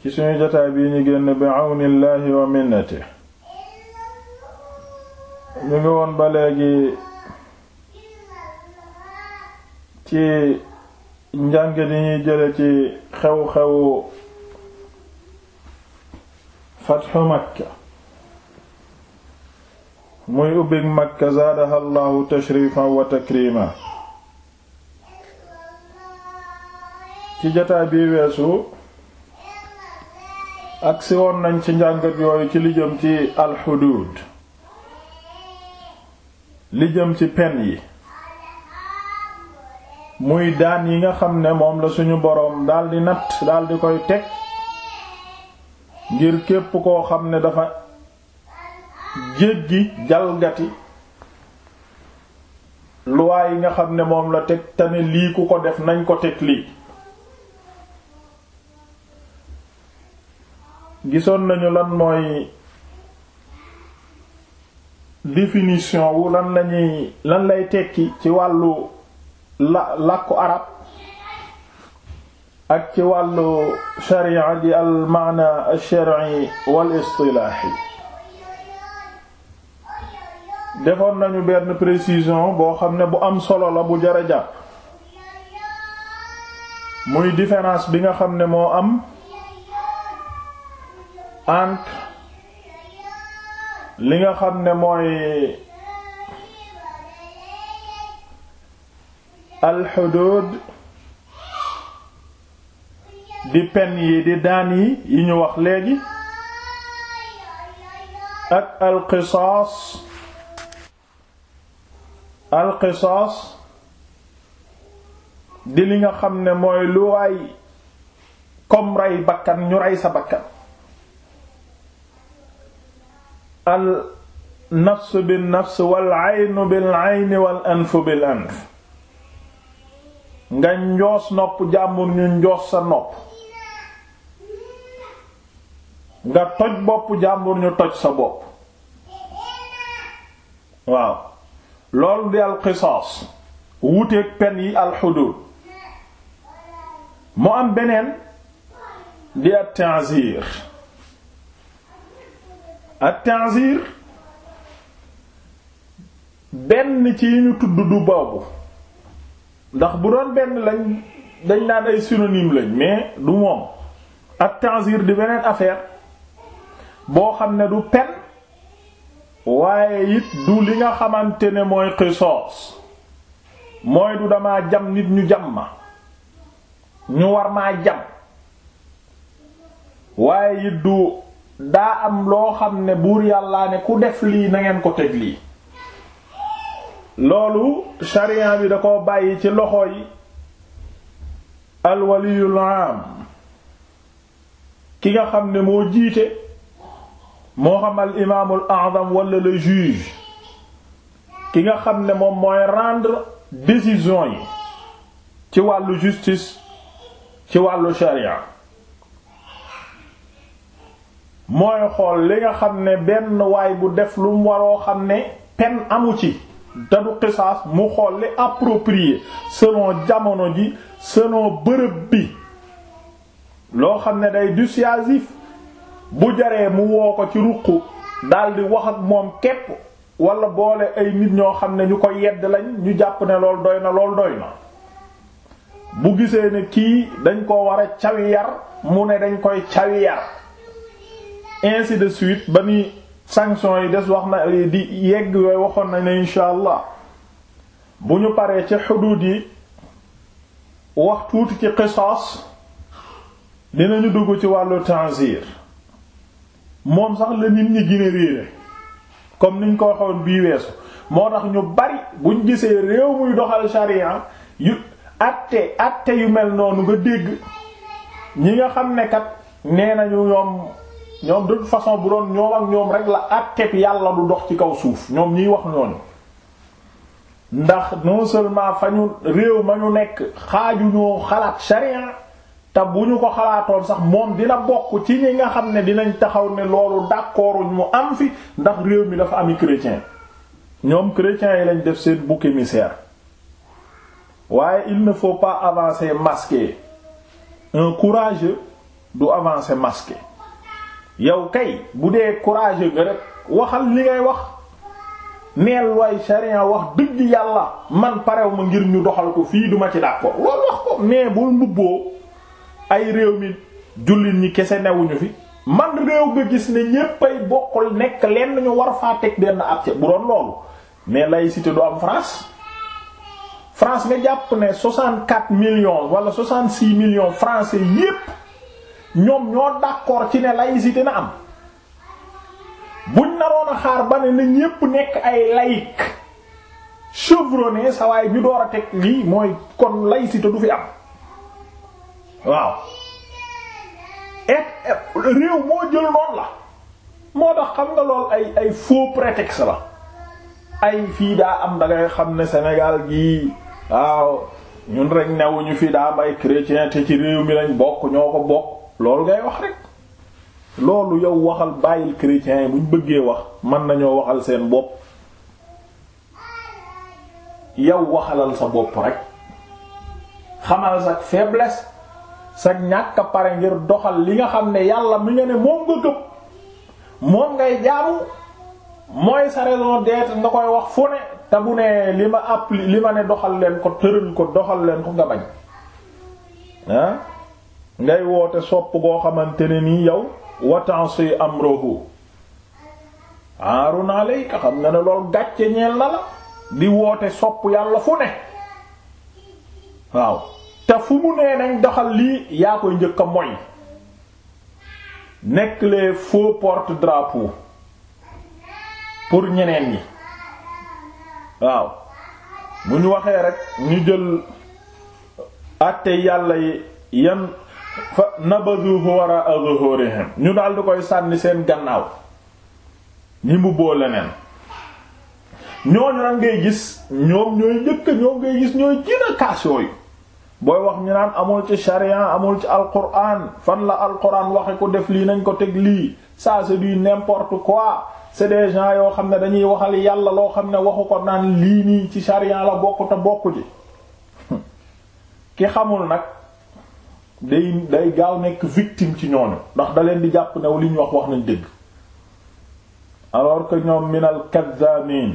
ci suñu jotaay bii ñu génn bi àwnillaahi wa minnati ñu ngi woon ba léegi ci njàng di ñuy jële ci xew-xewu fatxu makka muy ubbig makka zaadaha allahu tashrifan wa takrima ci jotaay bii weesu agsi woon nañ ci njàngat yooyu ci li jëm ci alxuduud li jëm ci pen yi muy daan yi nga xam ne moom la suñu boroom daldi natt daldi koy teg ngir képp koo xam ne dafa jéggi jalgati luwaa yi nga xam ne moom la teg tamit lii ku ko def nañ ko teg lii gisoon nañu lan mooy définition wu lan lañuy lan lay tekki ci wàllu la làkku arab ak ci wàllu sharia di al maana al shar'i wal istilaahi defoon nañu benn précision boo xam ne bu am solo la bu jar a jàpp muy différence bi nga xam ne moo am entre li nga xam ne mooy alxudud di pen yi di daan yi yi ñu wax léegi ak alqisaas di li nga xam ne mooy lu waay comme rey bakkan ñu rey sa bakkan al nafs bin nafs wal aynu bil ayni wal anf bil anf nga njoos nopp jàmbur ñu njoos sa nopp nga toj bopp jàmbur ñu toj sa bopp waaw loolu di alxisaas wuuteeg pen yi alxuduud mu am beneen di at-ta'zir at-ta'zir benn ci yi ñu tudd du boobu ndax bu doon benn lañ dañ naan ay synonyme lañ mais du moom at di beneen affaire boo xam ne du pen waaye it du li nga xamante ne mooy qisaas mooy du dama jam nit ñu jam ma ñu war maa jam waaye it du daa am loo xam ne buur yàllaa ne ku def lii nangeen ko teg lii loolu sharia bi da ko bàyyi ci loxo yi alwaliyul ki nga xam ne moo jiite moo xam al imaamul a'zam wala le juge ki nga xam ne moom mooy rendre décision yi ci wàllu justice ci wàllu sharia mooy xool li nga xam ne benn waay bu def lu mu waroo xam ne pen amu ci te xisaas mu xool li approprié selon jamono ji selon bërëb bi loo xam ne day dissuasif bu jaree mu woo ko ci ruq daldi wax ak moom képp walla boole ay nit ñoo xam ne ñu ko yedd lañ ñu jàpp ne lool doy na lool doy na bu gisee ne kii dañ ko war a cawi mu ne dañ koy cawi ainsi de suite ba ni sanction yi des wax na di yegg waxoon na ne insha allah bu ñu paree ci xuduud yi wax tuuti ci qisaas ñu dugg ci wàllu tanzir moom sax la nit ñi gën a comme niñ ko waxoon bii weesu moo tax ñu bari buñ gisee réew muy doxal sharia yu atte atte yu mel noonu nga dégg ñi nga xam ne kat nee nañu ñoom ñoom de façon bu doon ñoom ak ñoom rek la àtteeb yàlla du dox ci kaw suuf ñoom ñiy wax ñooñu ndax non seulement fa ñu réew ma ñu nekk xaaju ñoo xalaat sharia te bu ñu ko xalaatoon sax moom dina bokk ci ñi nga xam ne dinañ taxaw ne loolu d'accorduñ mu am fi ndax réew mi dafa ami chrétien ñoom chrétiens yi lañ def seen bouc émissaire waaye il ne faut pas avancer masqué un courageux du avancer masqué yow kay bu dee courage nga rek waxal li ngay wax neel waay sharia wax dëgg yàlla man parew ma ngir ñu doxal ko fii duma ci d'accord loolu wax ko mais bul mbubboo ay réew mi jullit ñi kese newuñu fi man réew nga gis ne ñéppay bokkul nekk lenn ñu war faa teg benn ab bu doon loolu mais laïcité du am France France nga jàpp ne 64 millions wala 66 millions français yépp ñoom ñoo d'accord ci ne laïcité na am buñ naroon a xaar ba ne na ñépp nekk ay laïc chevronné sa bi door a teg lii mooy kon laïcité du fi am waaw et réew moo jël noonu la moo tax xam nga lool ay ay faux la ay fii daa am da xam ne senegal gii waaw ñun rek newuñu fii daa am ay chrétien te ci réew mi lañ bokk ñoo ko bokk loolu ngay wax rek loolu yow waxal bàyyil chrétiens yi buñ bëggee wax mën nañoo waxal seen bopp yow waxalal sa bopp rek xamal sa faiblesse sa ñàkk pare ngir doxal li nga xam ne yàlla mi nga ne moom nga gëm moom ngay jaamu mooy sa raison d'être nga koy wax fu ne te bu ne li ma appli li ma ne doxal leen ko tëral ko doxal leen ko nga bañ ah? ngay woote sopp goo xamante ne nii yow watansi amruhu aarun alayka xam nga ne lool gàcce ñeel na la di woote sopp yàlla fu ne waaw te fu mu nee nañ doxal lii yaa koy njëkk a moy nekk les faux porte-drapeaux pour ñeneen yi waaw bu ñu waxee rek ñu jël àtte yàlla yi fa nabaduhu wara'a zuhurihim ñu daal di koy sànni seen gannaaw ñi mu boo leneen ñooñu nag ngay gis ñoom ñooy njëkk ñoom ngay gis ñooy jina kaas booy wax ñu naan amul ci sharia amul ci alquran fan la alquran waxe ko def lii nañ ko teg lii ça c'est du n'importe quoi c'est des gens yoo xam ne dañuy waxal yàlla loo xam ne waxu ko naan lii nii ci sharia la bokk te bokk ci ki xamul nag day day gaaw nekk victime ci ñooñu ndax daleen di jàpp ne li ñu wax wax nañ dëgg alors que ñoom minal kaddamin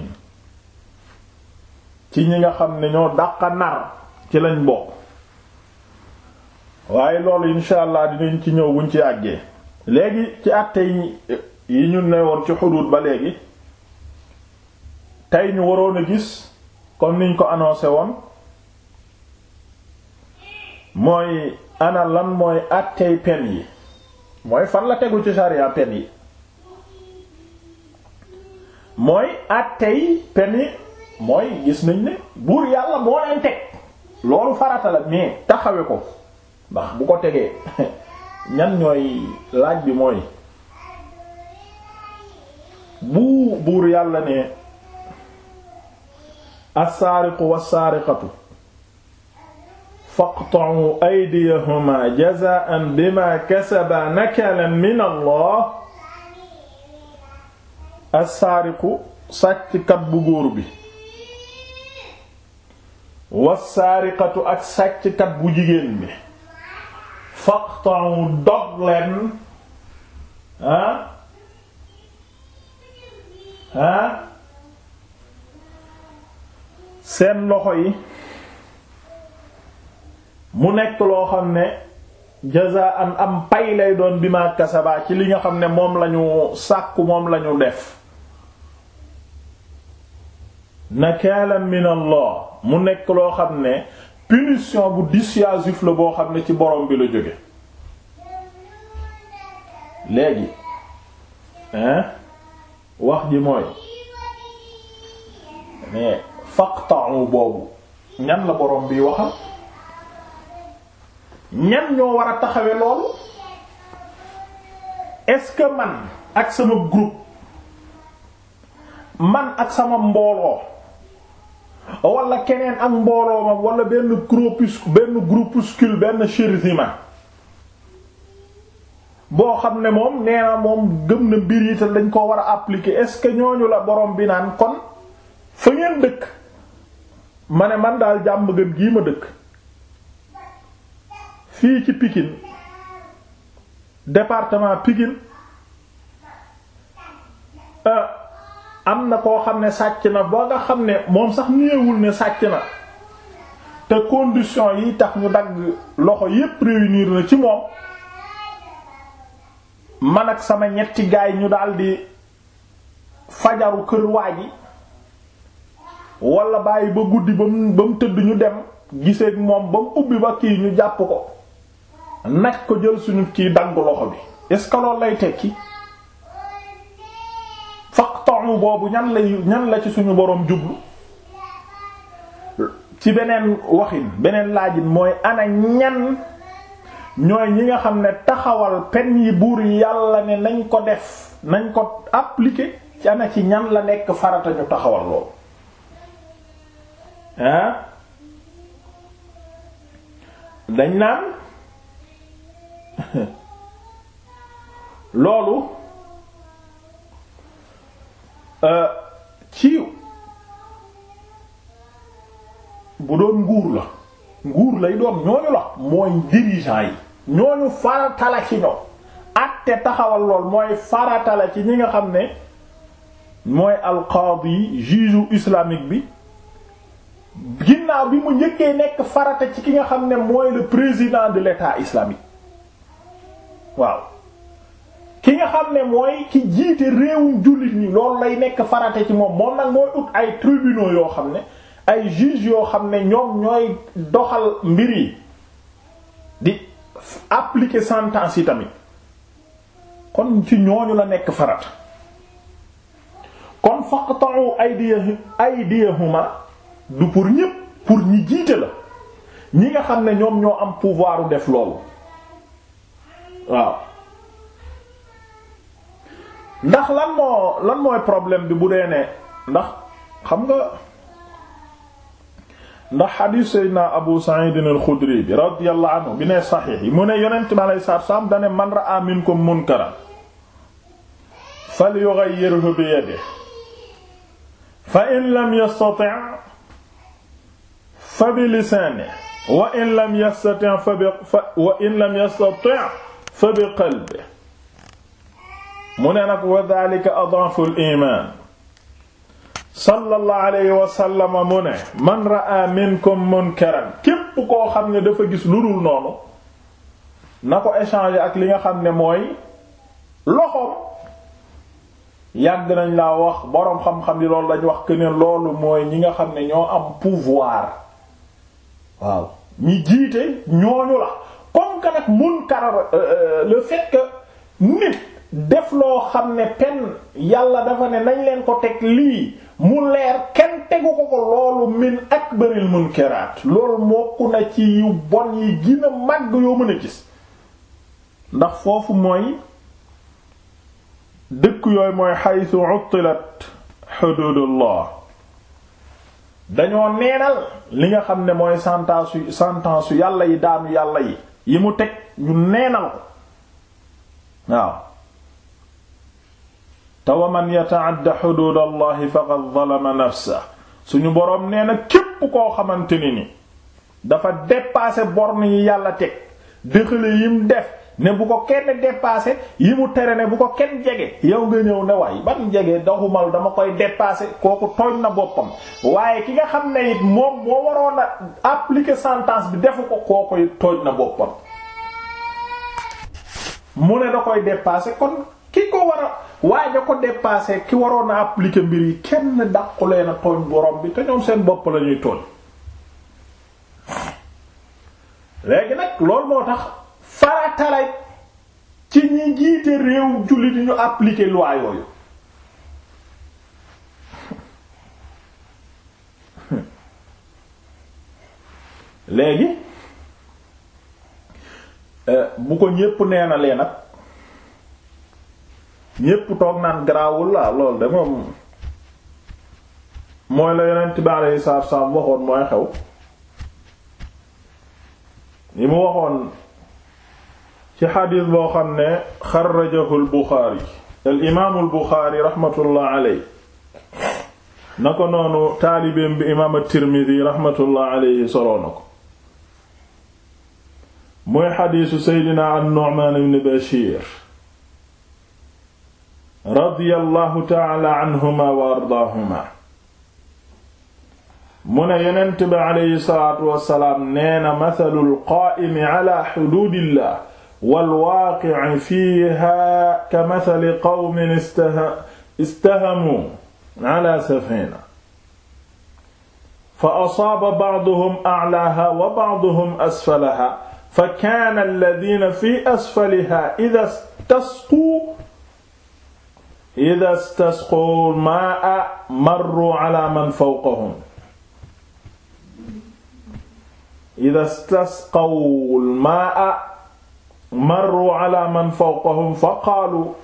ci ñi nga xam ne ñoo dàqa nar ci lañ bokk waaye loolu insha allah dinañ ci ñëw buñ ci àggee léegi ci àtte yi ñu ne woon ci xuduud ba léegi tey ñu waroon a gis comme niñ ko annoncé woon mooy ana lan mooy àttey pen yi mooy fan la tegu ci sharia pen yi mooy àttey pen yi mooy gis nañ ne buur yàlla moo leen teg loolu farata la taxawe ko ndax bu ko tegee ñan ñooy laaj bi mooy bu buur yàlla ne assaariqu wassaariqatu faqta'u aydiyahuma jazaa'an bima kasaba nakaalan min allah assaariqu sàcckat bu góor bi wassaariqatu ak sàcckat bu jigéen bi faqta'u dog leen ah ah seen loxo yi mu nekk loo xam ne jazaan am pay lay doon bi ma kasaba ci li nga xam ne moom lañu sàkku moom lañu def na min Allah mu nekk loo xam ne punition bu dissuasif la boo xam ne ci borom bi la jóge léegi wax ji mooy mais faqta'u boobu ñan la borom bi waxal ñan ñoo war a taxawee loolu est man ak sama groupe man ak sama mbooloo walla keneen ak mbooloo ma wala benn groupus benn groupuscule benn chérissement boo xam ne moom nee na moom gëm na mbir yi te dañ koo war a appliquer est-ce que ñooñu la borom bi naan kon fa ngeen dëkk ma ne man daal jàmm gën gii ma dëkk fii ci pikin département Pikine euh, am na koo xam ne sàcc na boo nga xam ne moom sax néewul ne sàcc na te condition yi tax ñu dagg loxo yépp réunir na ci moom man ak sama ñetti gaay ñu daldi fajaru kër waa ji walla bàyyi ba guddi ba mu ba mu tëdd ñu dem gisee moom ba mu ubbi ba kii ñu jàpp ko nag ko jël suñu ci dagg loxo bi est-ce que loolu lay tekki faqta'u boobu ñan lay ñan la ci suñu boroom jublu ci beneen waxin beneen laajin mooy ana ñan ñooy ñi nga xam ne taxawal pen yi buur yàlla ne nañ ko def nañ ko appliquer ci ana ci ñan la nekk farata ñu taxawal loolu dañ naan loolu euh, ci bu doon nguur la nguur lay doom ñooñu la mooy dirigeant yi ñooñu farata ci ñoom àtte taxawal lool mooy farata ci ñi nga xam ne mooy alqaadi yi juge islamique bi ginnaaw bi mu njëkkee nekk farata ci ki nga xam ne mooy le président de l'état islamique waaw ki nga xam ne mooy ki jiite réew jullit ñi lool lay nekk farate ci moom moom nag mooy ut ay tribunaux yoo xam ne ay juges yoo xam ne ñoom ñooy doxal mbir yi di appliquer sentence yi tamit kon ci ñooñu la nekk farata kon faqta'u aydiyahum aydiyahuma du pour ñépp pour ñi jiite la ñi nga xam ne ñoom ñoo am pouvoir def loolu waaw ndax lan moo lan mooy bi bu dee ne ndax xam nga ndax xadiis seydna abu sa'id al bi radiyallahu anhu bi ne saxiix yi mu ne yonent bi alayhi man ra'a minkum munkaran falyughayyirhu bi yadihi fa in fa bi lisaanihi wa in lam fa bi wa in lam yastati' fa bi mu ne nag wa dhalika adhafu al-iman sallallahu alayhi wa sallama mu ne man ra'a minkum munkaran képp koo xam ne dafa gis lu dul noonu na ko échanger ak li nga xam ne mooy loxoom yàgg nañ laa wax boroom xam-xam yi loolu lañ wax que ne loolu mooy ñi nga xam ne ñoo am pouvoir waaw ñi jiite ñooñu la comme que nag munkar euh, euh, le fait nit def loo xam ne pen yàlla dafa ne nañ leen ko teg lii mu leer kenn tegu ko ko loolu min akbaril munkaraat loolu mokku na ci yu bon yi gën a màgg yoo mën a gis ndax foofu mooy dëkk yooyu mooy xaytu uttilat xududullah dañoo neenal li nga xam ne mooy sentence sentence yàlla yi daanu yàlla yi yi mu teg ñu neenal ko waaw te wa man yata'adda xuduud allahi faqad zalama nafsa suñu boroom nee na képp koo xamante ni ni dafa deppaase borne yi yàlla teg dëxale yim def ne bu ko kenn dépassé yi mu tere ne bu ko kenn jege yow nga ñëw ne waay ban jege doxumal dama koy dépassé kooku tooñ na boppam waaye ki nga xam ne it moom moo waroon a appliquer sentence bi defu ko kooku tooñ na boppam mu ne da koy dépassé kon ki ko war a waaja ko ki waroon a appliquer mbir yi kenn dàqulee na tooñ borom bi te ñoom seen bopp lañuy ñuy tooñ léegi nag loolu moo tax faratale ci ñi jiite réew jullit ñu appliquer loi léegi euh, bu ko ñépp nee na leen ñépp toog naan garaawul la lool de moom mooy la yonent bi alayhi salaatu waxoon mooy xew li mu waxoon ci xadis boo xam ne xarajahu albuxaari al imaamu albuxaari raxmatullah aley na ko noonu taalibeem bi imaam at-tirmidi raxmatullah aleyhi soloo na ko muy xadiisu seydina an-nu'maan ibn bashiir radiyallahu taala anhuma wa ardaahuma mu ne yonent bi aleyhi salaatu wassalaam nee na masalul qaa'imi ala xuduudillah walwaaqici fiiha kamathali qawmin istahamuu ala safina fa asaaba bacduhum aclaaha wa bacduhum asfalaha fa kaana alladina fi asfaliha ida stasquu ida stasquu maa marruu ala man fawqahum ida stasqaw al maa marru ala man fawqahum fa qaalu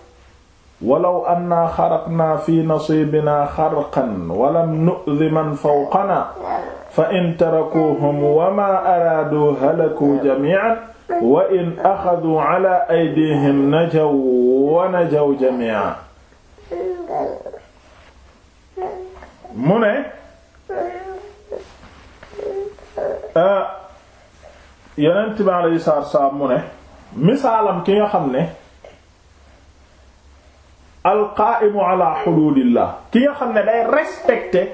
walaw annaa xaraqnaa fi nasiibinaa xarqan walam nu'di man fawqanaa fa in tarakuuhum wa maa araaduu halakuu jamii'an wa in axaduu ala aydiihim najaw wa najaw jamii'an mu ne ah, yonent bi alayhi salaatu wa salaam mu ne misaalam ki nga xam ne alqaa'imu ala xuduudillah ki nga xam ne day respecter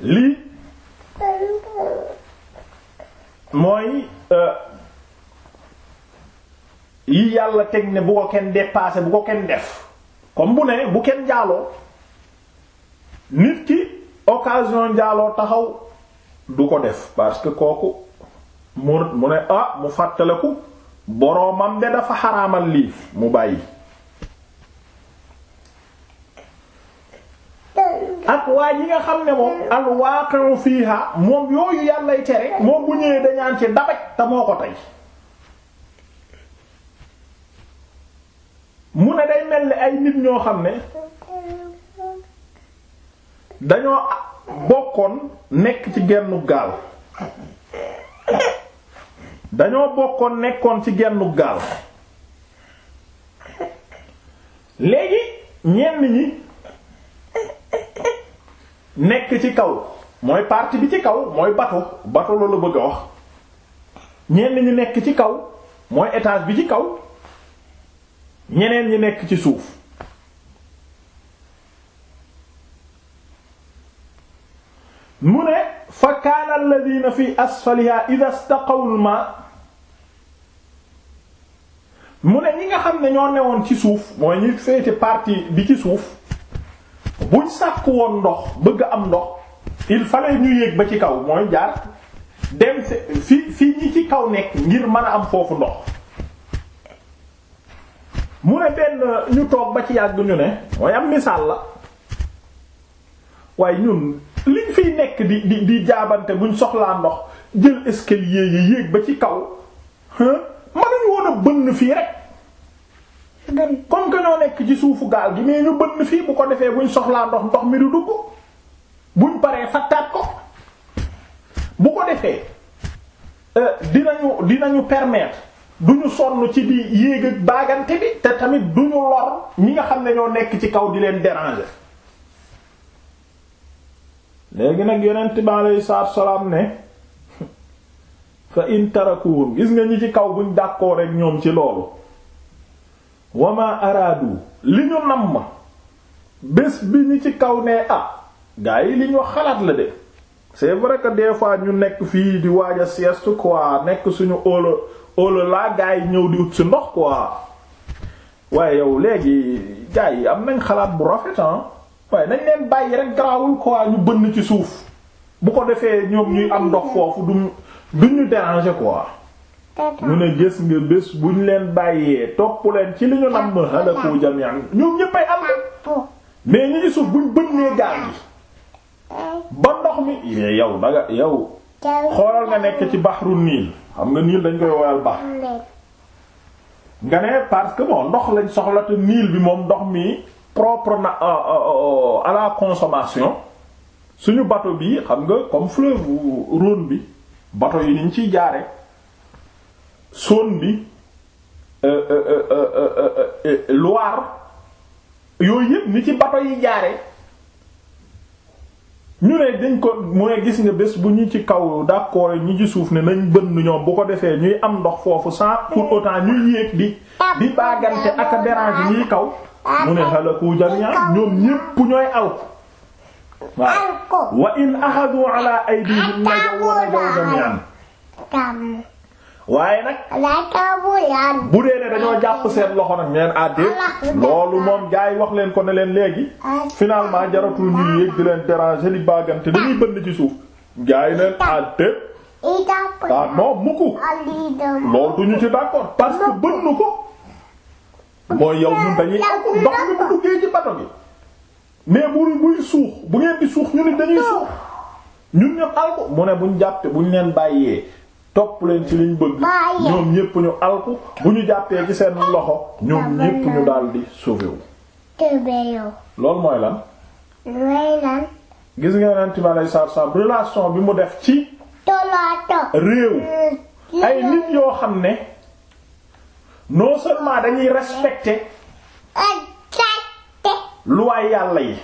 lii mooy euh, yi yàlla teg ne bu ko kenn dépasser bu ko kenn def comme bu ne bu kenn jaaloo nit ki occasion jaaloo taxaw du ko def parce que kooku mu mu ne ah mu fàttaliku boroomam de dafa xaraamal lii mu bàyyi ak waa yi nga xam ne moom alwaaqi'u fiiha moom yooyu yàllay tere moom bu ñëwee dañaan ci dabaj te ko tey mu ne day mel ni ay nit ñoo xam ne dañoo bokkoon nekk ci gennu gaal dañoo bokkoon nekkoon ci gennu gaal léegi ñenn ñi nekk ci kaw mooy parti bi ci kaw mooy bato bato loolu bëgg a wax ñenn ñi nekk ci kaw mooy étage bi ci kaw ñeneen ñi nekk ci suuf mu ne fa kaana alladhina fi asfaliha idha istaqaw al ma mu ne ñi nga xam ne ñoo newoon ci suuf mooy ñi féete parti bi ci suuf buñ sàkk woon ndox bëgg am ndox il fallait ñu yéeg ba ci kaw mooy jaar dem fi fi ñi ci kaw nekk ngir mën a am foofu ndox mu ne benn ñu toog ba ci yàgg ñu ne mooy am misaal la waaye ñun liñ fiy nekk di di di jaabante buñ soxlaa ndox jël escalier yi yéeg ba ci kaw mënuñu woon a bënn fii rek comme que ñoo nekk ci suufu gaal gi mais ñu bënn fii bu ko defee buñ soxlaa ndox ndox mi du dugg buñ paree fattaat ko bu ko defee euh, dinañu dinañu permettre duñu sonn ci di yéeg ak baagante bi te tamit duñu lor ñi nga xam ne ñoo nekk ci kaw di leen derange léegi nag yonent bi alayhi salaatu salaam ne fa in tarakuhum gis nga ñi ci kaw buñ d'accord rek ñoom ci loolu wama araadu li ñu nam ma bés bi ñi ci kaw nee ah gaa yi li ñu wax xalaat la de c'est vrai que des fois ñu nekk fii di waaj a sieste quoi nekk suñu óola óola laa gaa yi ñëw di ut si ndox quoi waaye yow léegi gaa yi am nañ xalaat bu rafet ah waaye nañ leen bàyyi rek garaawul quoi ñu bënn ci suuf bu ko defee ñoom ñuy am ndox foofu du du ñu déranger quoi. mu ne gis nga bés buñ leen bàyyee topp leen ci li ñu nam ma halaku jami'an ñoom ñëppay am mais ñu ngi suuf buñ bënnee gaal gi ba ndox mi yow daga yow xoolal nga nekk ci baxru niil xam nga niil dañ koy woyal bax nga ne parce que bon ndox lañ soxla te niil bi moom ndox mi propre na euh, euh, euh, à la consommation suñu bateau bi xam nga comme fleuve Rhône bi bato yi niñ ci jaare Saône bi euh, euh, euh, Loire yooyu yëpp ni ci bato yi jaare ñu ne dañ ko mu ne gis nga bés bu ñu ci kaw d'accord ñi ci suuf ne nañ bënn ñoom bu ko defee ñuy am ndox foofu sans pour autant ñuy yéeg di bi baagante ak a déranger ñuy kaw mu ne xalaku jami'a ñoom ñépp ñooy aw waaw wa in waaye nag bu dee ne dañoo jàpp seen loxo nag ñeen àddee loolu moom jaay wax leen ko ne leen léegi finalement jaratul ñuy yéeg leen déranger li baagante dañuy bënn ci suuf jaay leen àddee ah non mukk loolu du ñu ci d'accord parce que bënn ko mooy yow ñun dañuy ndox mi bu duggee ci bato mais bu buy suux bu ngeen di suux ñu nit dañuy suux ñun ñëpp alku mu ne buñ jàppee buñ leen bàyyee topp leen ci liñ bëgg ñoom ñëpp ñu alku bu ñu jàppee ci seen loxo ñoom ñëpp ñu daldi sauvé wu. loolu mooy lan. mooy lan. gis nga ren tubaab lay saabsaab relation bi mu def ci. réew. Mm. ay nit yoo xam ne non seulement dañuy respecter. luwaay yàlla yi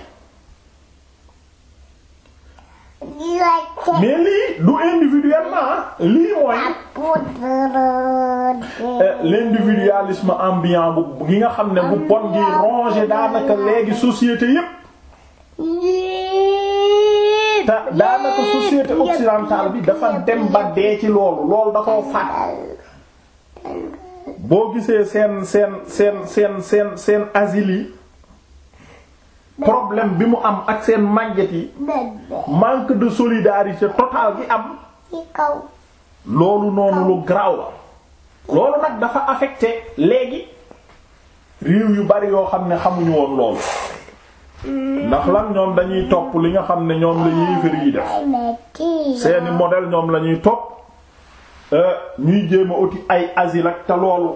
mais lii du individuellement lii mooy euh, l'individualisme ambiant bu gi nga xam ne bu bon gi ronger daanaka léegi société yépp te daanaka société occidentale bi dafa dem ba dee ci loolu loolu da koo boo gisee seen seen seen seen seen seen asile yi problème bi mu am ak seen màgget yi manque de solidarité totale bi am loolu noonu lu garaaw la loolu nag dafa affecté léegi réew yu bari yoo xam ne xamuñu woon loolu mm. ndax lan ñoom dañuy topp li nga xam ne ñoom la yéefar yi def seeni modèle ñoom la ñuy topp euh, ñuy jéem a uti ay asile ak te loolu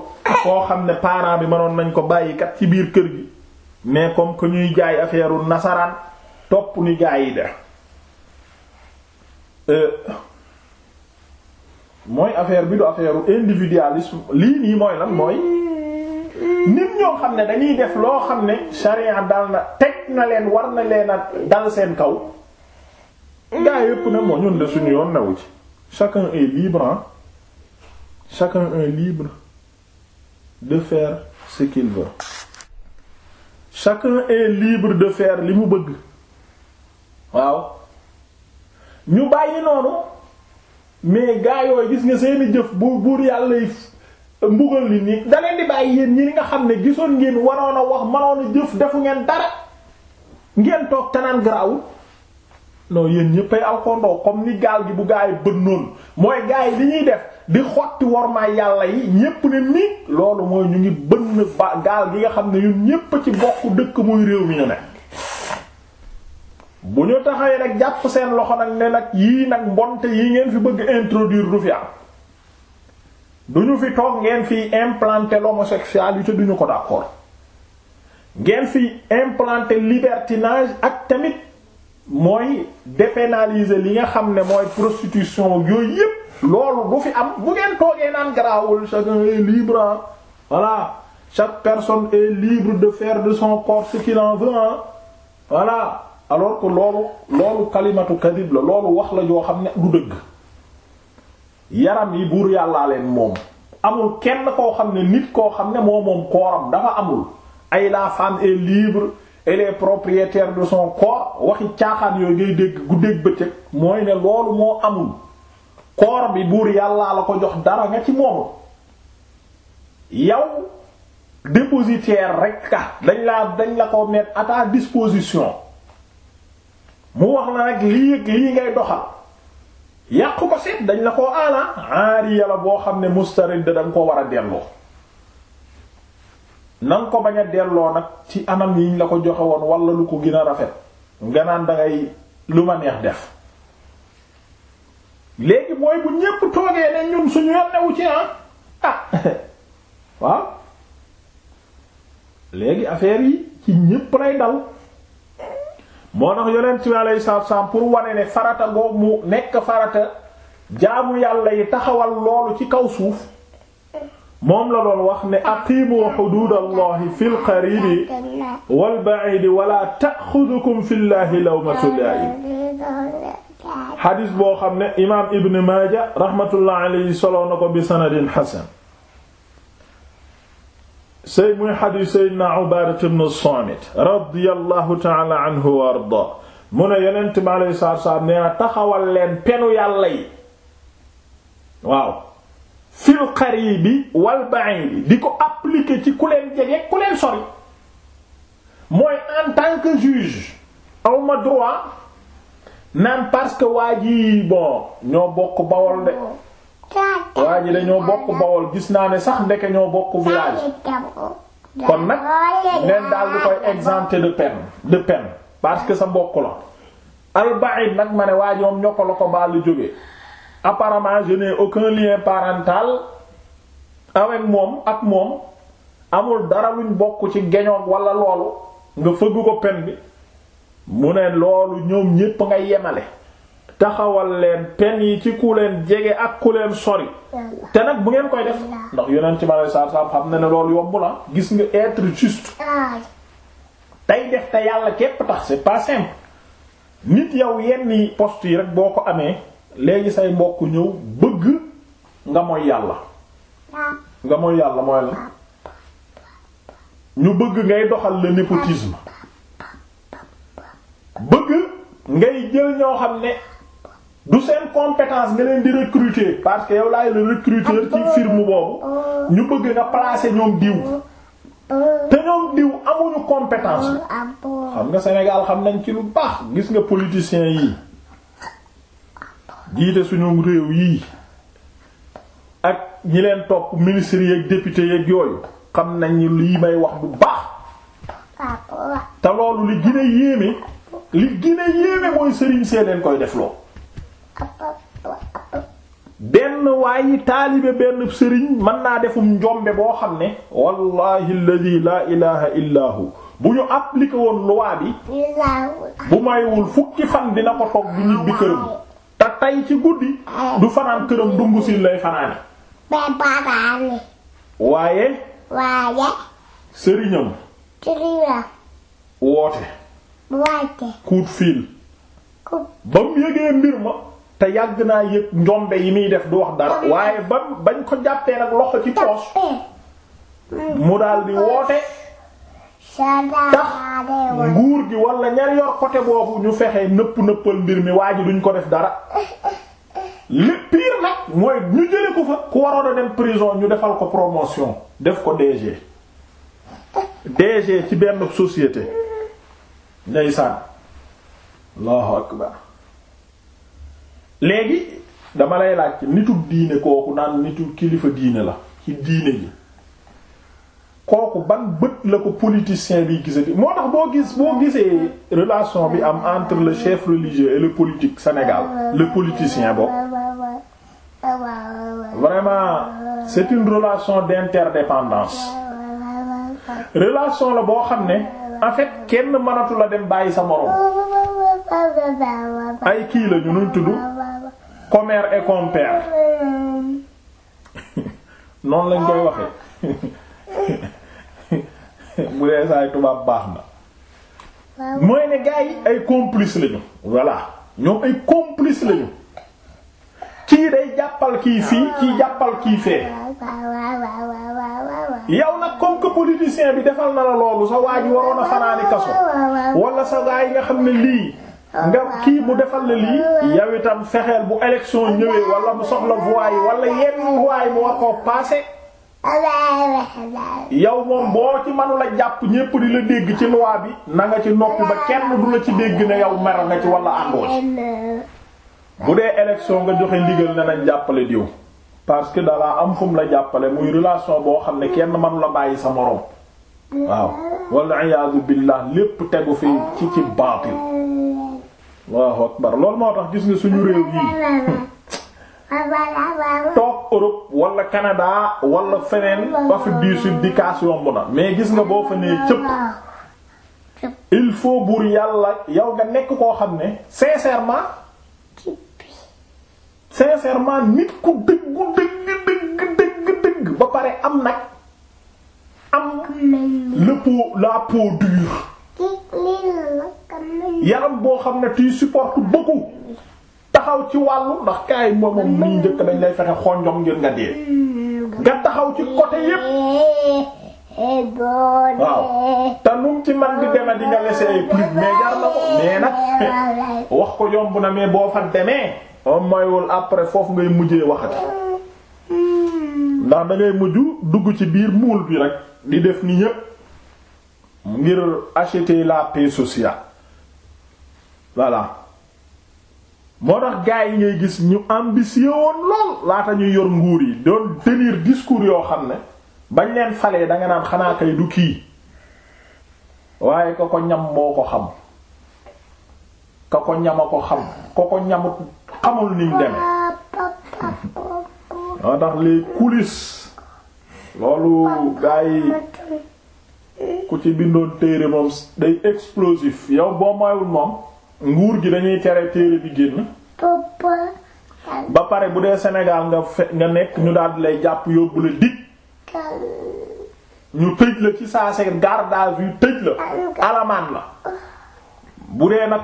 koo xam ne parent bi mënoon nañ ko bàyyikat ci biir kër gi mais comme que ñuy gaay affaire u nasaraan topp ni gaa yi de euh, mooy affaire bi du affaire u lii nii mooy lan mooy nit ñoo xam ne dañuy def loo xam ne sharia dal na teg na leen war na leen a dal seen kaw gaa yépp ne moo ñun de suñu yoon newu ci chacun est libre hein chacun est libre de faire ce chacun est libre de faire li mu bëgg waaw ñu bàyyi noonu mais gaa yooyu gis nga seeni jëf bu buur yàlla yi mbugal li nii da leen di bàyyi yéen ñi nga xam ne gisoon ngeen waroon a wax mënoon a jëf defu ngeen dara ngeen toog tanaan garaawul non yéen ñëppay alkondoo comme ni gaal gi bu gaa yi bënnoon mooy gaa yi li ñuy def di xotti wormaay yàlla yi ñépp ne nii loolu mooy ñu ngi bënn ba gaal gi nga xam ne ñun ñépp ci bokk dëkk muy réew mi ñu ne bu ñu taxawee nag jàpp seen loxo nag ne nag yii nag mbonte yi ngeen fi bëgg introduire du fi am du ñu fi toog ngeen fi implanter l'homosexualité duñu ko d'accord ngeen fi implanter libertinage ak tamit mooy dépénaliser li nga xam ne mooy prostitution yooyu yépp loolu bu fi am bu ngeen toogee naan garaawul chaque personne est libre de faire de son corps ce qu'il en veut hein alors que loolu loolu kalimatu kadib la loolu wax la joo xam ne du dëgg yaram yi buur yàllaa leen moom amul kenn koo xam ne nit koo xam ne moo moom kooram dafa amul ay la femme est libre et les propriétaires de son corps waxi caaxaan yooyu ngay dégg guddeeg bëccëg mooy ne loolu moo amul corps bi buur yàlla la ko jox dara nga ci moomu yow dépositaire rekk dañ laa dañ la ko mettre à disposition mu wax na rek lii ak lii ngay doxal yàqu ko set dañ la ko aana aari yàlla boo xam ne mustarid da nga ko war a delloo nanga ko bañ a delloo nag ci anam yiñ la ko joxe woon wala lu ko gën a rafet nga naan dangay lu ma neex def léegi mooy bu ñépp toogee ne ñun suñu yennewu ci ah, ah. waaw léegi affaire yi ci ñépp lay dal moo tax yonent bi alayhi salaatu pour wane ne farata googu mu nekk farata jaamu yàlla yi taxawal loolu ci kaw suuf moom la doon wax ne aqiimu fi fil qariibi wal ba'iidi wala ta'xudukum fillaahi lawmatu laa'im xadis boo xam ne imaam Ibn Maaja rahmatullahi alayhi soloo na ko bi sanadin xasan sëy muy xadis Seydina Ubaadata ibn Saamit radiyallahu ta'ala anhu wa na taxawal leen penu yàlla fil qaribi wal ba'idi di ko appliquer ci ku leen jege ku leen sori mooy en tant que juge awma droit naan parce que waa ji bon ñoo bokk bawol de waa ji dañoo bokk bawol gis naa ne sax ndeke ñoo bokk village kon nag neen daal di koy exempté de peine de peine parce que sa mbokk la al nag ma ne waa ji moom ñokka la ko baal lu jógee apparemment je n'ai aucun lien parental avec moom ak moom amul dara luñ bokk ci geñoom wala loolu nga fëgg ko pen bi mu ne loolu ñoom ñépp nga yemale taxawal leen pen yi ci ku leen jege ak ku leen sori te nag bu ngeen koy def ndax yonent ci ma saab saab xam ne loolu yomb la gis nga être juste tey def te yàlla képp tax c'est pas simple nit yow yenn poste yi rek boo ko amee léegi say mbokk ñëw bëgg nga mooy yàlla nga mooy yàlla mooy la ñu bëgg ngay doxal le népotisme bëgg ngay jël ñoo xam ne du seen compétence nga leen di recruter parce que yow laay le recruteur ci firme boobu ñu bëgg nga placer ñoom diw te ñoom diw amuñu compétence xam nga Sénégal xam nañ ci lu baax gis nga politiciens yi jiite suñu réew yii ak ñi leen topp ministres yeeg députés yeeg yooyu xam nañ lii may wax bu baax te loolu li gën a yéeme li gën a yéeme mooy sëriñ see leen koy def loo benn waaye taalibe benn sëriñ mën naa defum njombe boo xam ne wallahi alladhi la ilaha illa hu bu ñu woon loi bi bu maywul fukki fan dina ko toog du ñibbi këram te tay ci guddi ah. du fanaan këram dungu si lay fanaane waaye sëriñam woote woote fiil ba mu yëgee mbir ma te yàgg naa yëg njombe yi muy def du wax dara waaye ba bañ ko jàppee nag loxo ci poos mu daldi woote tax nguur gi walla ñaar yor côté boobu ñu fexe nëpp nëppal mbir mi waa ji duñ ko def dara li pire nag mooy ñu jële ko fa ku waroon a dem prison ñu defal ko promotion def ko DG DG ci benn société ndeysaan allahu akbar léegi dama lay laaj nitu diine kooku naan nitu kilifa diine la ci diine ji kooku ban bët la ko politicien bi gisati moo tax boo gis boo gisee relation bi am entre le chef religieux et le politique Sénégal le politicien boobu vraiment c'est une relation d'interdépendance relation la boo xam ne en fait kenn mënatu la dem bàyyi sama moroom ay kii la nuñ tudd commère et compère noonu lañ koy waxee bu dee saay tubaab baax na mooy ne gars yi ay complice lañu voilà ñoom ay complice lañu kii day jàppal kii fii kii jàppal kii fee yow nag comme que politicien bi defal na la loolu sa waa waroon a fanaani kaso wala sa waa yi nga xam ne lii nga kii mu defal la lii yow itam fexeel bu élection ñëwee wala mu soxla voix yi wala yenn voix mu war koo yow moom boo ci manula jàpp ñépp di la dégg ci loi bi na nga ci noppi ba kenn du la ci dégg na yow mer nga ci wala àndoo bu dee élection nga joxe ndigal ne nañ jàppale diw parce que dalaa am fu la jàppale muy relation boo xam ne kenn manula bàyyi sa moroom waaw walla iyaatu billaah lépp tegu fi ci ci baatil Allahu akbar loolu moo tax gis nga suñu réew yi toog Europe wala Canada wala feneen Afrique du Sud di kaas yomb na mais gis nga boo fa nee cëpp il faut buur yàlla yow nga nekk koo xam ne sincèrement sincèrement nit ku dëggu dëgg dëgg dëgg dëgg ba pare am nag am le la peau dure yaram boo xam ne tu supportes beaucoup taxaw ci wàllu ndax kaay moom moom mi njëkk dañ lay fexe xonjom ngir nga dee nga taxaw ci côté yépp waaw te num ci man di deme di nga laisser ay plume mais jar na ko nag wax ko yomb na mais boo fa demee moom après foofu ngay mujjee waxati ndax da ngay dugg ci biir muul bi rek di def ni yépp ngir acheter la paix sociale voilà moo tax gars yi ngay gis ñu ambitieux woon lool laata ñuy yor nguur yi doon tenir discours yoo xam ne bañ leen falee danga naan xanaa kay du kii waaye ka ko ñam moo ko xam ka ko ñama ko xam ka ko ñamut xamul niñ deme moo tax les coulisses loolu gars yi ku ci bindoon téere moom day explosif yow boo moywul moom nguur gi dañuy tere téere bi génn ba pare bu dee Sénégal nga fe nga nekk ñu daal lay jàpp yóbbu la dig ñu tëj la ci saa se garde à tëj la alamaan la bu dee nag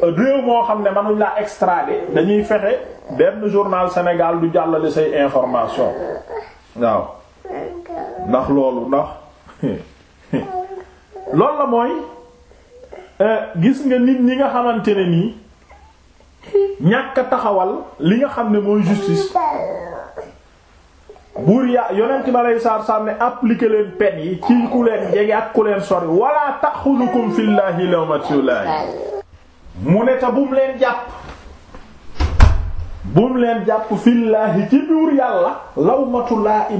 réew moo xam ne mënuñ laa extrader dañuy fexe benn journal Sénégal du jàllale say information waaw ndax loolu ndax loolu la mooy Eh, gis nga nit ñi nga xamante ne nii ñàkk taxawal li nga xam ne mooy justice buur ya yonent bi aleyhi salaatu ne appliquer leen peine yi ci ku leen jege ak ku leen sori wala taxudukum fillaahi lawmatu laahi mu ne te leen jàpp bum leen jàpp fillaahi ci buur yàlla lawmatu laahi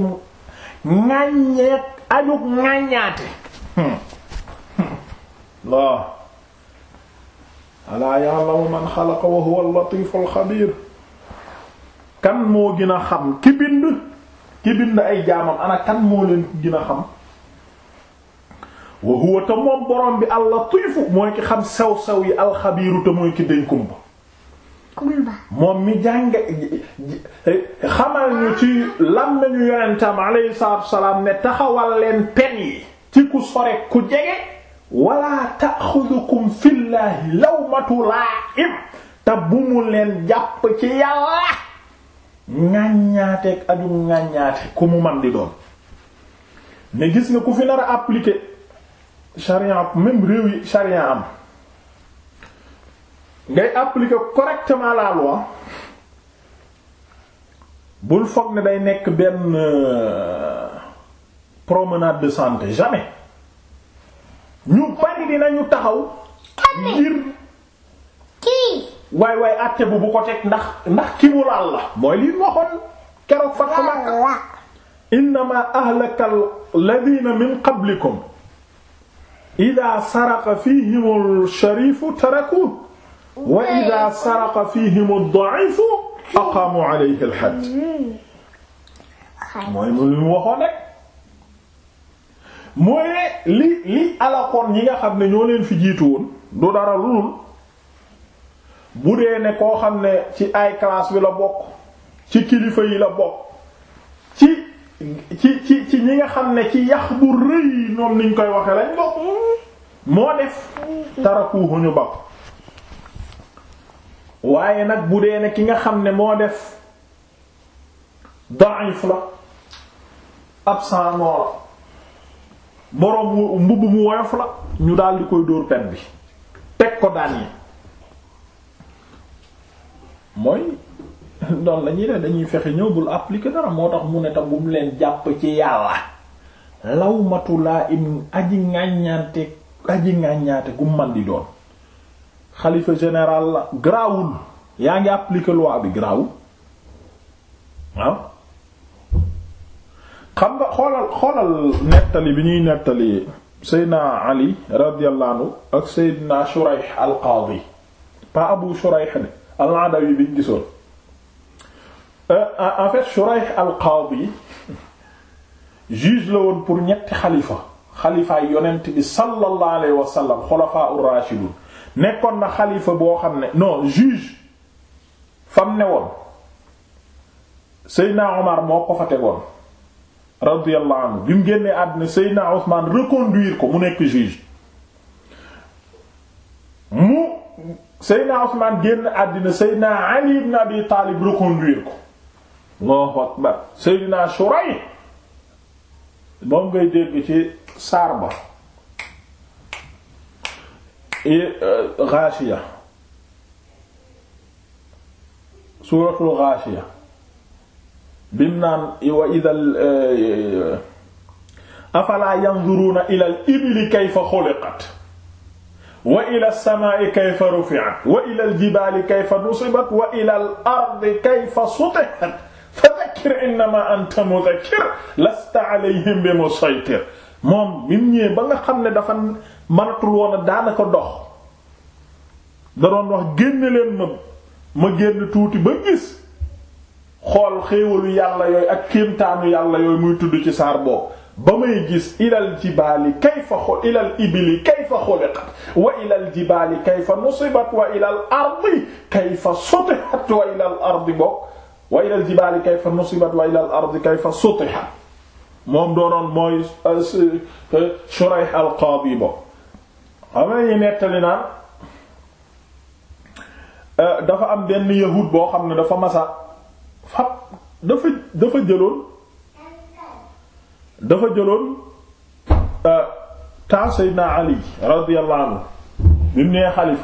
ŋàññeek ajug ŋàññaate hmm. hmm. laa alaa ya'lamu man xalaqa wa huwa al-latiiful kan moo gën a xam ki bind ki bind ay jaamam ana kan moo leen gën a xam wa huwa te moom borom bi al-latiifu mooy ki xam sew sew yi alxabiiru te mooy ki dénkum ba moom mi jànge xamal ñu ci lam nañu alayhi salaatu wa salaam ne taxawal leen pen yi ku sore ku jege wala ta'xudukum fillaahi lawmatu laa'im te bu mu leen jàpp ci yàlla ŋàññaateeg aju ŋàññaate ku mu man di doon ne gis nga ku fi nar a appliquer charia même réew yi charia am ngay appliquer correctement la loi bul foog ne day nekk benn euh, promenade de santé jamais ñu bari dinañu taxaw ngir waay waay àtte bu bu ko teg ndax ndax ki mu laal la mooy li waxoon keroog Fathu Makka innama ahlaka alladhina min qablikum idha saraqa fihim al-sharifu tarakuhu wa idha saraqa fihim ad-da'ifu aqamu alayhi al-hadd hmm. mooy mu li mu waxoon rek mooy li li alakoon ñi nga xam ne ñoo leen fi jiitu woon du dara lulul bu dee ne koo xam ne ci ay classe bi la bokk ci kilifa yi la bokk ci ci ci ci ñi nga xam ne ci yax bu rëy ñoom niñ koy waxe lañ bokk moo def tarakuhu ñu bokk waaye nag bu dee ne ki nga xam ne moo def da'if la absent la boroom mbubb mu woyof la ñu daal di koy dóor pen bi teg ko daan yi mooy doon la ñuy ne dañuy fexe ñëw bul appliquer dara moo tax mu ne tam bu mu leen jàpp ci yàlla law matulaa im aji ŋàññaante aji ŋàññaate gu man di doon xalifa général la grawul yaa ngi appliquer loi bi grawul waaw xam nga xoolal xoolal nettali bi ñuy nettali Seydina Ali radiyallahu anhu ak Seydina Shurayh al-Qaadi pas Abu Shurayh ne al-Adawi bi ñu gisoon euh, en al-Qaadi juge la woon pour ñetti xalifa xalifaay yonent bi sallallahu alayhi wa xulafaa ur nekkoon na xalifa boo xam ne non juge fam ne woon Seydina Omar moo ko fa tegoon radiyallahu anhu bi mu génnee àddina Seydina Ousmane reconduire ko mu nekk juge mu Seydina Ousmane génn àddina Seydina Ali ibn Abi Taalib reconduire ko Allahu akbar Seydina Shurayh moom ngay dégg ci saar ba euh, Ghaashiya suuratul Ghaashiya bim naan wa idal eh, afala yanzuruna ila al ibli kayfa xuliqat wa ila as-samaa'i kayfa rufi'at wa ila al jibaali kayfa nusibat wa ila al ardi kayfa sutihat fadakkir innama anta mudakkir lasta alayhim bi musaytir moom bim ñëwee ba nga xam ne dafa mënatul woon a daanaka dox da doon wax génn leen ma ma génn tuuti ba gis xool xéewalu yàlla yooyu ak kéemtaanu yàlla yooyu muy tudd ci saar boobu ba may gis ilal jibaali kayfa xo ilal ibili kayfa xuliqat wa ilal jibaali kayfa nusibat wa ilal ardi kayfa sutihat moom doonoon mooy euh, euh, Shurayh al-Qaadi bokk nettali naan euh, dafa am benn yahud boo xam ne dafa masa fab dafa dafa jëloon dafa jëloon euh, temps Seydina Ali radiyallahu anhu bi mu nee xalif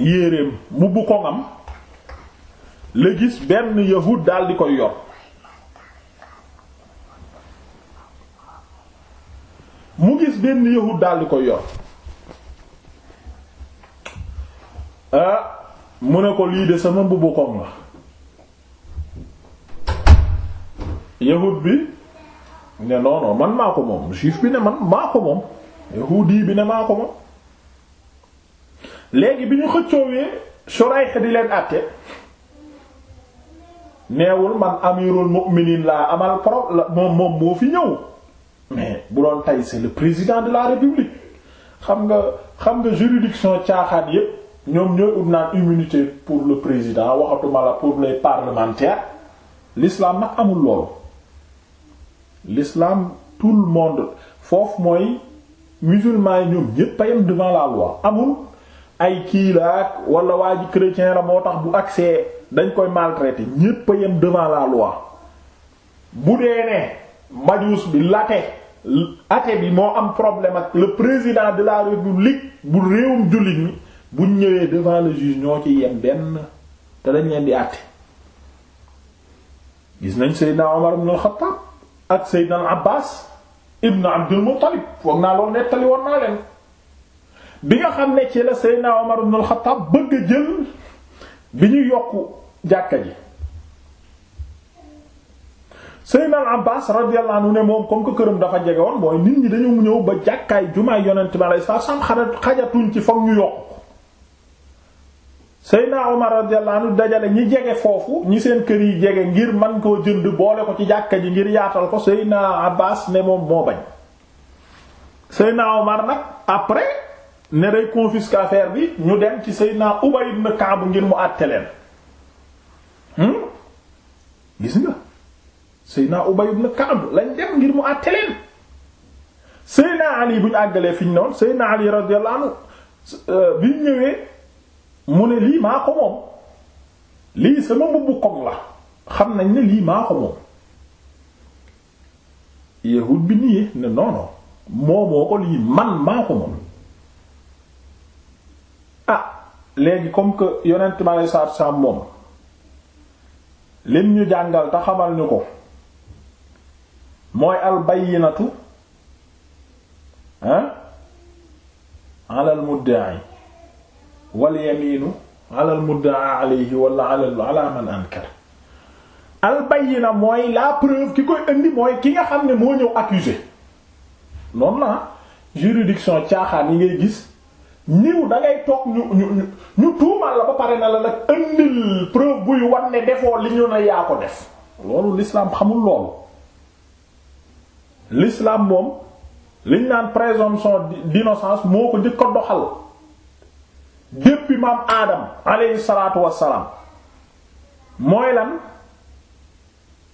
yéreem mubbu koŋam la gis benn yahud daal di koy yor mu gis benn yahud daal di koy yor ah, mu ne ko lii de sama mbubu koŋ la yahud bi ne non non man maa ko moom juif bi ne man maa ko moom yahudi bi ne maa ko moom léegi bi ñu xëccoowee Surayh di leen àtte neewul man amirul mu'minin laa amal problème moom moom moo fi ñëw mais bu doon tey c'est le président de la république xam nga xam nga juridiction caaxaan yépp ñoom ñooy ut naan immunité pour le président waxatuma la pour les parlementaires l'islam nag amul loolu l'islam tout le monde foofu mooy musulman yi ñoom ñépp a yem devant la loi amul ay kii la wala waa ji chrétien la moo tax bu accès dañ koy maltraiter ñépp a yem devant la loi bu dee ne majuus bi late ate bi moo am problème ak le président de la république bu réewum jullit mi buñ ñëwee devant le juge ñoo ci yem benn te dañ leen di àtte gis nañ Seydina Omar ibn al-Khattab ak Seydina al Abbaas ibn Abdul Muttalib foog naa loolu nettali woon naa leen bi nga xam ne ci la Seydina Omar bëgg a jël bi ñu yokku jàkka ji Seydina al Abbaas radiyallahu anhu ne moom comme que këram dafa jege woon mooy nit ñi dañu ñëw ba jàkkaay jumaay yonent bi alayhi salaam xajatuñ ci foog ñu yokku Seydina Omar radiyallahu anhu dajale ñi jege foofu ñi seen kër yi jege ngir man koo jënd boole ko ci jàkka ji ngir yaatal ko Seydina Abbas ne moom moo bañ Seydina Omar nag après ne day confisquer affaire bi ñu dem ci Seydina Ubay ibn Ka'b ngir mu àtte leen hmm? gis nga mu àtte leen Seydina Ali bu àggalee fi ñu ne woon Ali radiyallahu anhu euh, bi ñëwee mu ne lii maa ko moom lii sama mbubb koŋ la xam nañ ne lii maa ko moom yahut bi nii ne non moomoo ko lii man maa ko moom ah léegi comme que yonent bi alei salaatu salaam moom lim ñu jàngal te xamal ñu ko mooy albayinatu ah alal mudda'i wal yamiinu ala al muddaa alayhi wala ala ala man ankar al bayyina mooy la preuve ki koy indi mooy ki nga xam ne moo ñëw accusé noonu la juridiction caaxaan yi ngay gis niw da toog ñu ñu ñu tuumal la ba pare na la nag indil preuve buy wan ne defoo li ñu ne yaa ko def loolu l'islam xamul loolu l'islam moom liñ naan présomption d'innocence moo ko njëkk ko doxal jéppi maam aadam aleyhi salaatu wassalaam mooy lan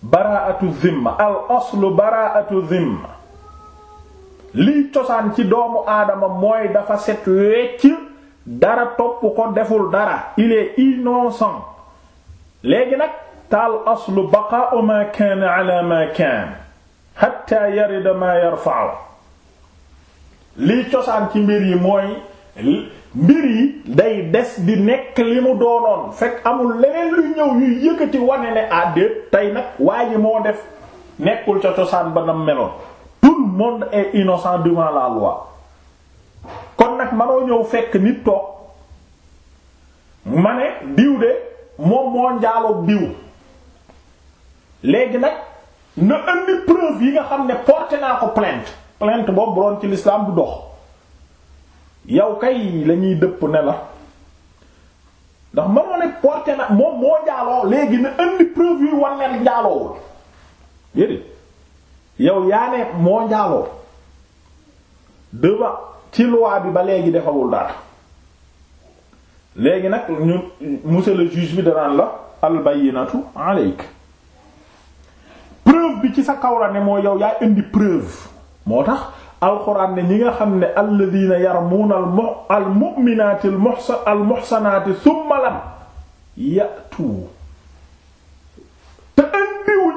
baraatu zimma al aslu baraatu zimma liy cosaan ci doomu aadama mooy dafa set wecc dara topp ko deful dara il est innocent léegi nag taal aslu baqaa'u ma kaana ala ma kaana yarida ma yarfa'u liy cosaan ci mbir yi mooy mbir yi day des di nekk li mu doonoon fekk amul leneen lu ñëw ñuy yëkkati wane ne ah tey nag waa ji moo def nekkul ca cosaan ba nam meloon tout monde est innocent devant la wa kon nag manoo ñëw fekk nit toog ma ne diw de moom moo njaaloog diw léegi nag na indi preuve yi nga xam ne porté naa ko plainte plainte boobu bu doon ci l'islam du dox yow kay la ñuy dëpp ne la ndax mënoo ne porté na moom moo njaaloo léegi na indi preuve yuy wan ne njaaloowul yédé yow yaa ne moo njaaloo deba ci loi bi ba léegi defawul daal léegi nag ñu monsieur le juge bi danaan la albayinatu aleyk preuve bi ci sa kaw la ne moo yow yaa indi preuve moo tax alquran ne ñi nga xam ne alladina yarmuuna al mu'minaati al muhsanaati thumma lam yatu te indiwuñ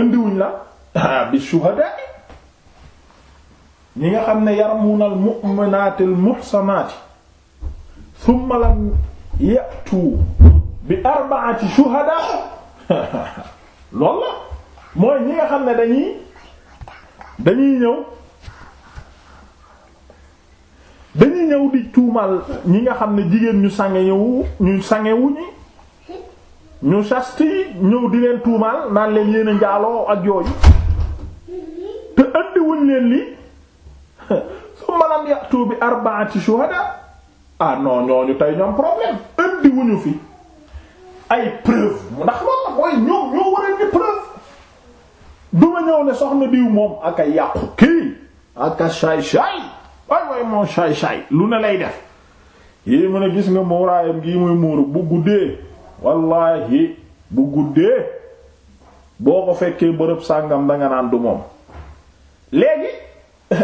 indiwuñ la ah, bi shuhadaa ñi nga xam ne yarmuuna al mu'minaati al muhsanaati thumma lam yatu bi arba'ati shuhadaa loolu la mooy ñi nga xam ne dañuy dañuy ñëw dañuy ñëw di tuumal ñi nga xam ne jigéen ñu sange sangewu ñu sangewuñi ñu chaste yi ñëw di leen tuumal naan leen yéen a njaaloo ak yooyu te andiwuñ leen li summa lam ya'tu bi arba'ati shuhada ah non ñooñu tey ñoom problème andiwuñu fi ay preuve ndax loolu mooy ñoo war a ñu preuve du ma ñëw ne soxna diw moom ak a yàqu kii ak a saay saay waay waay moom saay saay lu ne lay def yii mu ne gis nga muuraayam gii muy muuru bu guddee wallaahi bu guddee boo ko fekkee bërëb sàngam danga naan du moom léegi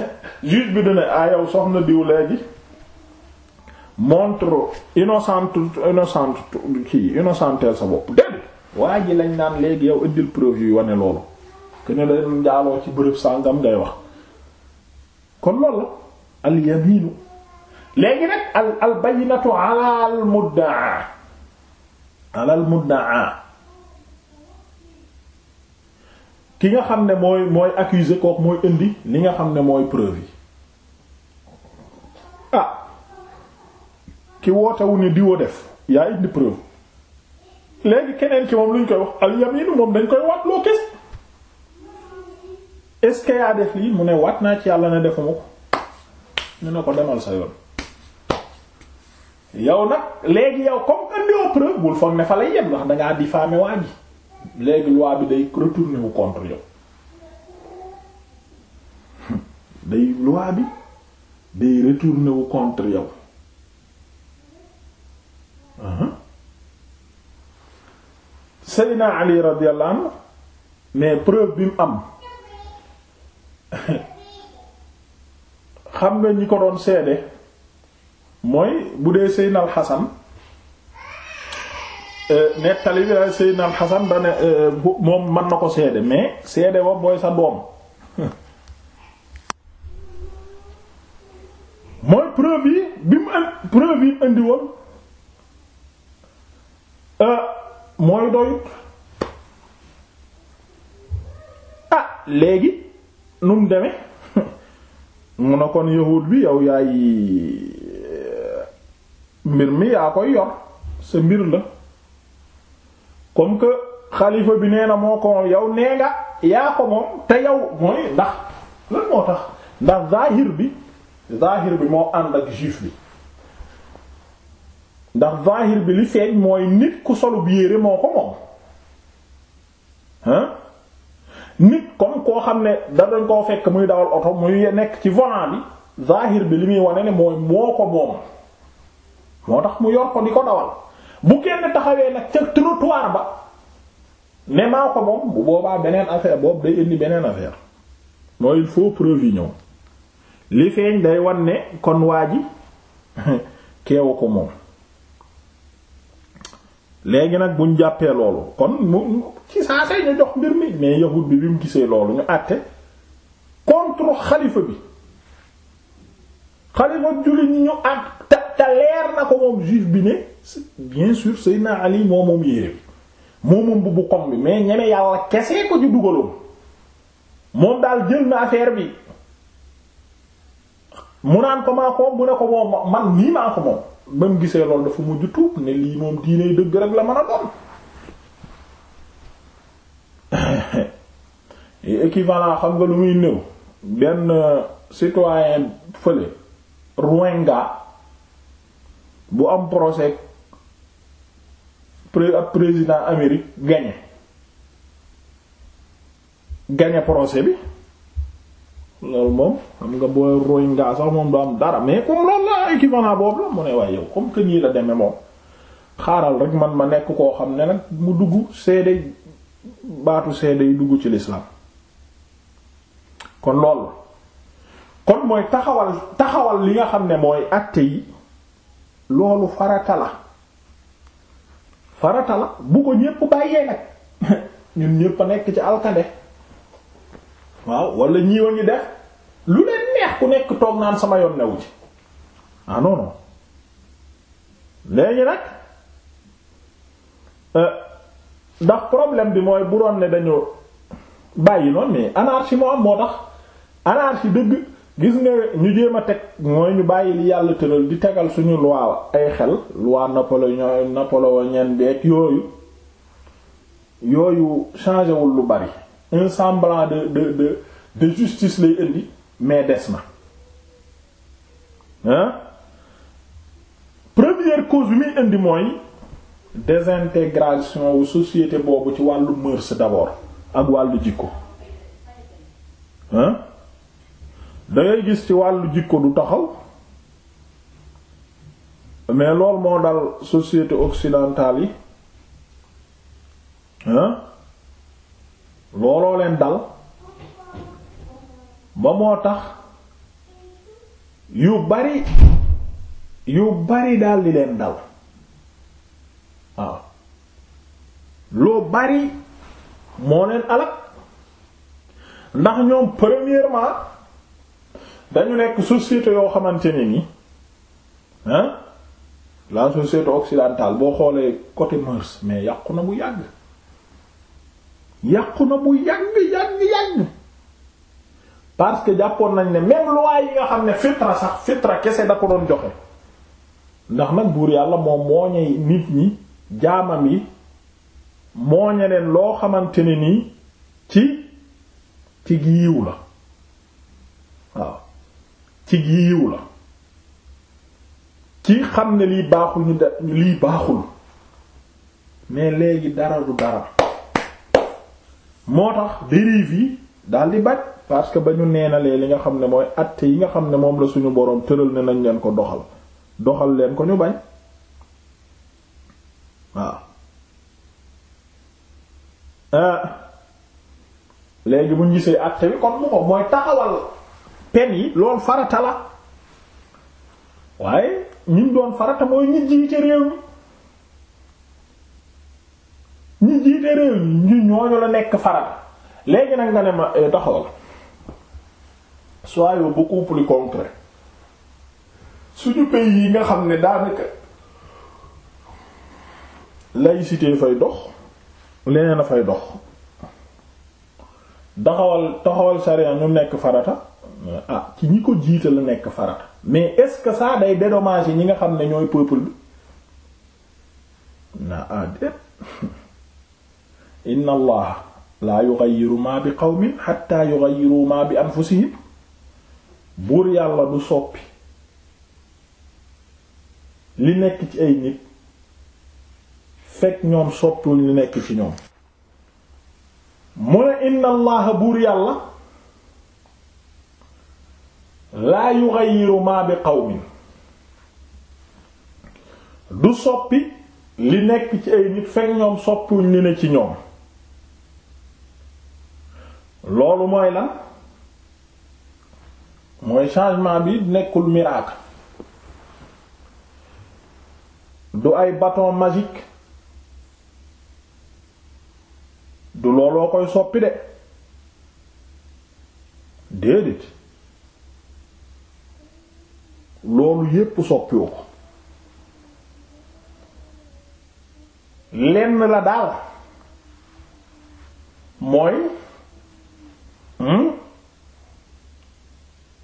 juge bi du ne ah yow soxna diw léegi montre innocente innocente sa bopp dégg waa ji lañ naan léegi yow indil preuve yu wane loolu que ne la njaaloo ci bërëb sàngam ngay wax kon loolu la al yaminu léegi nag al al bayyinatu ala mudda'a ala mudda'a ki nga xam ne mooy mooy accusé kooku mooy indi li nga xam ne mooy preuve yi ah ki wootewu ne diwa def yaa indi preuve léegi keneen ki moom lu ñu koy wax al moom dañ koy waat loo kes est-ce yaa def lii mu ne waat naa ci yàlla ne defuma ko ñu ne ko demal sa yoon yow nag léegi yow comme andioo preuve bul foog ne fa lay yem ndax dangaa diffamé waa ji léegi loi bi day retourner wu contre yow day loi bi day retourner wu contre yow uh-huh. Seydina Ali radiyallahu anhu mais preuve bi mu am xam nga ñi ko doon seede mooy bu dee Seydina Al Xasan euh, nettali bi daal Seydina Xasan da euh, moom mën na ko seede mais seede wa booy sa doom mooy preuve yi bi mu am euh, mooy doyut ah léegi. nu mu demee mu kon yahud bi yow yaay eh, mbir mi yaa koy yor sa mbir la comme que xalifa bi nee na moo ko yow nee nga yaa ko moom te yow mooy ndax lan moo tax ndax zahir bi zahir bi moo ànd ak juif bi ndax zahir bi li feeñ mooy nit ku solu bi moo ko moom hein nit comme koo xam ne da dañ koo fekk muy dawal oto muy nekk ci volant bi zahir bi li muy wane ne mooy moo ko moom moo tax mu yor ko di ko dawal bu kenn taxawee nag ca trottoir ba ne maa ko moom bu boobaa beneen affaire boobu day indi beneen affaire mooy il faut prévenir li feeñ day wan ne kon waa ji ko moom léegi nag buñ jàppee loolu kon mu ci saa see ñu jox mbir mi mais yahud bi bi mu gisee loolu ñu àtte contre xalifa bi xalifa jullit ñi ñu àtt te te na ko moom juif bi ne bien sûr Seydina Ali moo moom yére bi moo moom bubbu xom bi mais ñeme yàlla kese ko ci dugaloon moom daal jël na affaire bi mu naan ko maa ko mu ne ko moom man nii maa ko moom ba mu gisee loolu dafa mujj tuub ne lii moom diine dëgg rek la mën a doon équivalent xam nga lu muy néew benn citoyen fële Rwanda bu am procès pré ab président Amérique gagné gagné procès bi loolu moom xam nga booy roy ngaa sax moom du am dara mais comme loolu la équivalent boobu la mu ne waaye yow comme que nii la demee moom xaaral rek man ma nekk koo xam ne nag mu dugg seede baatu seede yi dugg ci lislaam kon loolu kon mooy taxawal taxawal li nga xam ne mooy acte yi loolu farata la farata la bu ko ñépp bàyyee nag ñun ñépp a nekk ci alkande waaw wala ñiiw a ngi def lu leen neex ku nekk toog naan sama yoon newu ci ah non non léegi nag euh, ndax problème bi mooy bu doon ne dañu bàyyi noonu mais anarchie moo am moo tax anarchie dëgg gis nga ñu jéem a teg mooy ñu bàyyi li yàlla tëral di tegal suñu loi ay xel loi Napoléon Napoléonien beeg yooyu yooyu changé wul lu bari un semblant de de de justice lay indi mais des na hein première cause bi muy indi mooy désintégration wu société boobu ci wàllu mœurs d'abord ak wàllu jikko hein da ngay gis ci wàllu jikko du taxaw mais loolu moo dal société occidentale yi looloo leen dal ba moo tax yu bari yu bari dal di leen dal waaw loo bari moo leen alak ndax ñoom premièrement dañu nekk société yoo xamante ne ni hein la société occidentale boo xoolee côté mœurs mais yàqu na bu yàgg yàqu na mu yàgg yàgg parce que jàppoon nañ ne même loi yi nga xam ne fitra sax fitra kese da ko doon joxe ndax nag buur yàlla moom moo ñey nit ñi jaamam yi moo ñe loo xamante ne nii ci ci giiw la waaw ci giiw la ci xam ne lii baaxul ñu lii baaxul mais léegi dara du dara moo tax dérive yi daal di bañ parce que ba ñu neenalee li nga xam ne mooy atte yi nga xam ne moom la suñu boroom tëral ne nañ leen ko doxal doxal leen ko ñu bañ waaw ah. léegi buñ gisee atte bi kon mu ko mooy taxawal pen yi loolu farata la waaye ñu ñun doon farata mooy ñi jiite réew mi ñi jiite réew ñu ñooñu la nekk farata léegi nag nga ne ma eh, taxawal soyons beaucoup plus concret suñu pays yi nga xam ne daanaka laïcité fay dox leneen a fay dox taxawal taxawal charia ñu nekk farata ah ci ñi ko jiite la nekk farata mais est-ce que ça day dédommager ñi nga xam ne ñooy peuple bi na ah inna allaha laa yughayyiru ma bi qawmin hatta yughayyiru ma bi anfusihim buur yàlla du soppi li nekk ci ay nit fekk ñoom soppiwuñ buur yàlla laa yughayyiru ma bi qawmin du soppi li nekk ci ay nit fekk ñoom soppiwuñ li ne ci ñoom loolu mooy lan mooy changement bi nekkul miracle du ay bâton magique du looloo koy soppi de déedéet loolu yépp soppiwu ko lenn la daal mooy Hmm?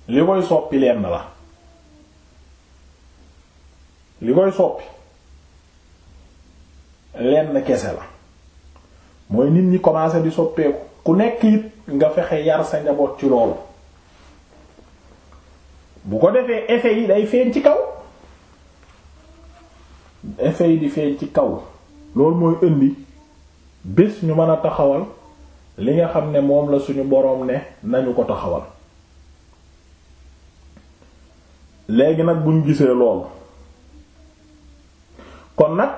li koy soppi lenn la li koy soppi lenn kese la mooy nit ñi commencé di soppeeku ku nekk it nga fexe yar sa njaboot ci loolu bu ko defee effet yi day feeñ ci kaw effet yi di feeñ ci kaw loolu mooy indi bés ñu mën a taxawal li nga xam ne moom la suñu boroom ne nañu ko taxawal léegi nag bu ñu gisee loolu kon nag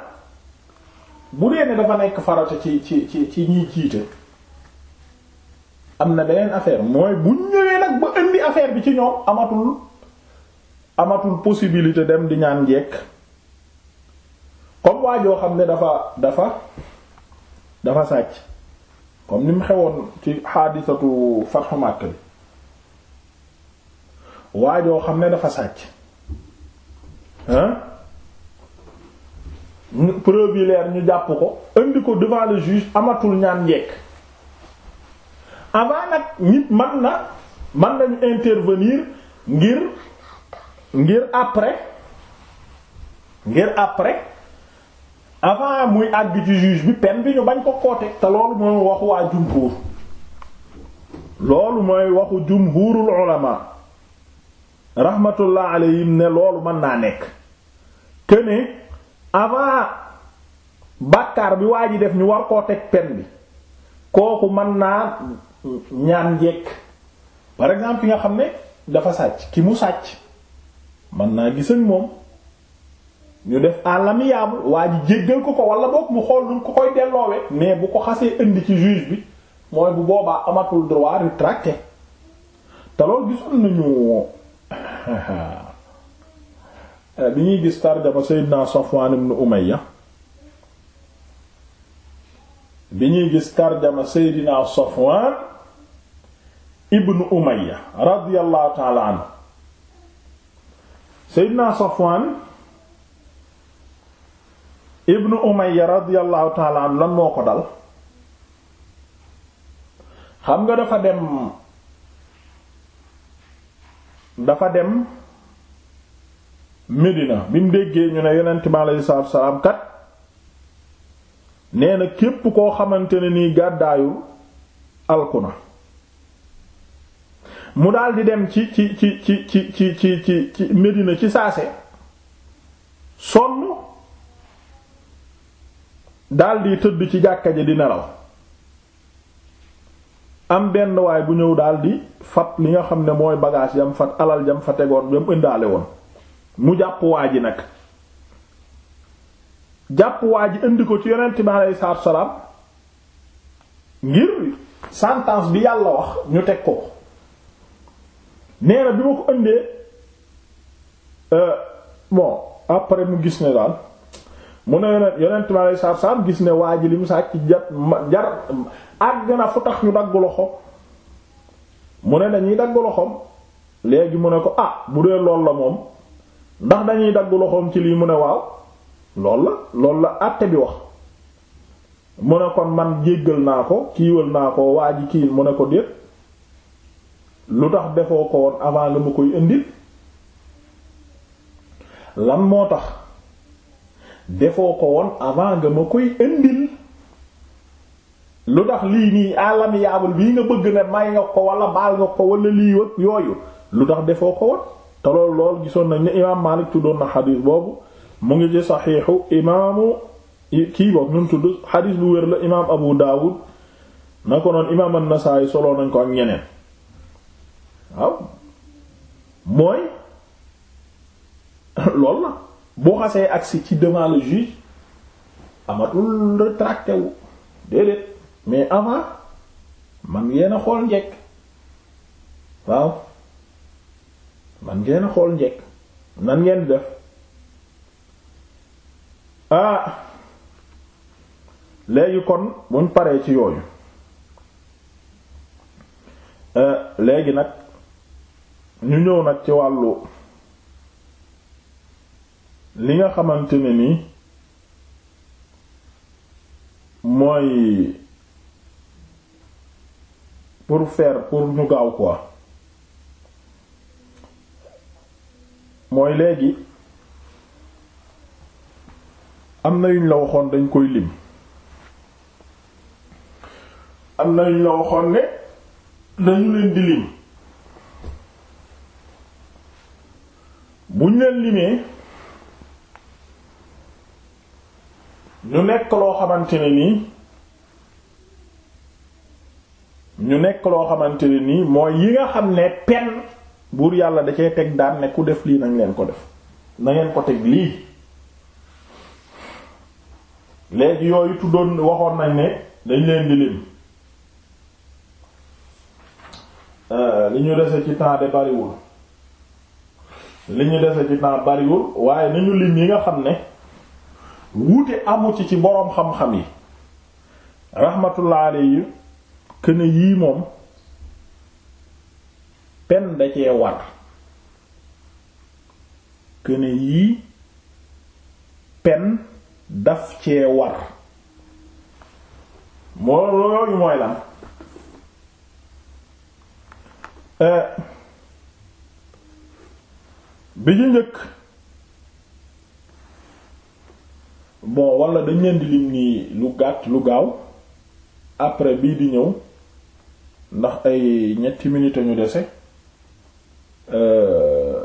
bu dee ne dafa nekk farata ci ci ci ci ñiy jiite am na beneen affaire mooy buñ ñëwee nag ba indi affaire bi ci ñoom amatul amatul possibilité dem di ñaan njekk comme waa xam ne dafa dafa dafa sàcc comme ni xewoon ci xaadisatu fatxu bi waa joo xam ne dafa sàcc hein preuve ñu jàpp ko indi ko devant le juge amatul ñaan njekk avant nag nit man na man nañu intervenir ngir ngir après ngir après avant muy àgg ci juge bi peine bi ñu bañ koo koote te loolu mooy waxu waa jumhuur loolu mooy waxu jumhuurul ulama rahmatullah alayhim ne loolu mën naa nekk que ne avant bàkkaar bi waa ji def ñu war koo teg peine bi kooku mën naa ñaan njekk par exemple ki nga xam ne dafa sàcc ki mu sàcc mën naa gis ak moom ñu def àllamiyaabul waa ji jéggal ko ko wala boog mu xool luñ ko koy delloowee mais bu ko xasee indi ci juge bi mooy bu boobaa amatul droit rétracté te loolu gisoon nañu bi ñuy gis tarjama Seydina Safwan ibn Umayya bi ñuy gis tarjama Seydina Safwan ibn Umayya radiyallahu ta'ala anhu Seydina Safwan ibnu umayya radiyallahu taala lan moo ko dal xam nga dafa dem dafa dem Medina bi mu déggee ñu ne yonent bi aleyhi salaatu salaam kat nee na képp koo xamante ne ni gàddaayu alku na dal di dem ci ci ci ci ci ci ci ci Medina ci saase sonn daldi tëdd ci jàkka ji di nelaw am benn waay bu ñëw daldi fat li nga xam ne mooy bagage yam fat alal jam fa tegoon yam ëndaale woon mu jàpp waa ji nag jàpp waa ji indi ko ci yonent bi aleyhi salaatu salaam ngir sentence bi yàlla wax ñu teg ko nee na bi ma ko indee euh, bon après mu gis ne daal mu ne yonent bi alayhi salaatu salaam gis ne waa ji li mu sàcc jar jar àgg na fu tax ñu dagg loxo mu ne dañuy dagg loxoom léegi mu ne ko ah bu dee lool la moom ndax dañuy dagg loxoom ci lii mu ne waaw lool la lool la àtte bi wax mu ne kon man jéggal naa ko kiiwal naa ko waa ji kii mu ne ko déet lu tax defoo ko woon avant la mu koy indi lan moo tax defoo ko woon avant nga ma koy indil lu tax lii nii alam yaabul bii nga bëgg ne may nga ko wala baal nga ko wala lii wëg yooyu lu tax defoo ko woon te lool gisoon nañ ne imaam Maalik tuddoon na xadis boobu mu ngi ci saxiixu imaamu kii boobu ñun tudd xadis bu wér la imaam Abu Daawud na ko noon imaam An-Nasaa'i soloo nañ ko ak ñeneen waaw mooy lool la boo xasee agsi ci devant le juge amatul retracté wu déedéet mais avant man ngeen xool njekk waaw man ngeen xool njekk nan ngeen def ah léegi kon buñ paree ci yooyu euh, léegi nag ñu ñëw nag ci wàllu li nga xamante ne ni mooy pour faire pour ñu gaaw quoi mooy léegi am na yuñ la waxoon dañ koy lim am na yuñ la waxoon ne dañu leen di lim buñ leen limee ñu nekk loo xamante ne nii ñu nekk loo xamante ne nii mooy yi nga xam ne pen buur yàlla da cee teg daan ne ku def lii nañ leen ko def na ko teg lii léegi yooyu tuddoon waxoon nañ ne dañ leen di lim euh, li ñu dese ci temps de bariwul li ñu dese ci temps bariwul waaye nañu lim yi nga xam ne wuute amu ci ci boroom xam-xam yi rahmatullah yi këne yii moom pen da cee war këne yii pen daf cee war moo loolu mooy lan euh, bi ñu njëkk bon wala dañ leen di nii lu gàtt lu gaaw après bii di ñëw ndax ay ñetti minutes ñu dese euh,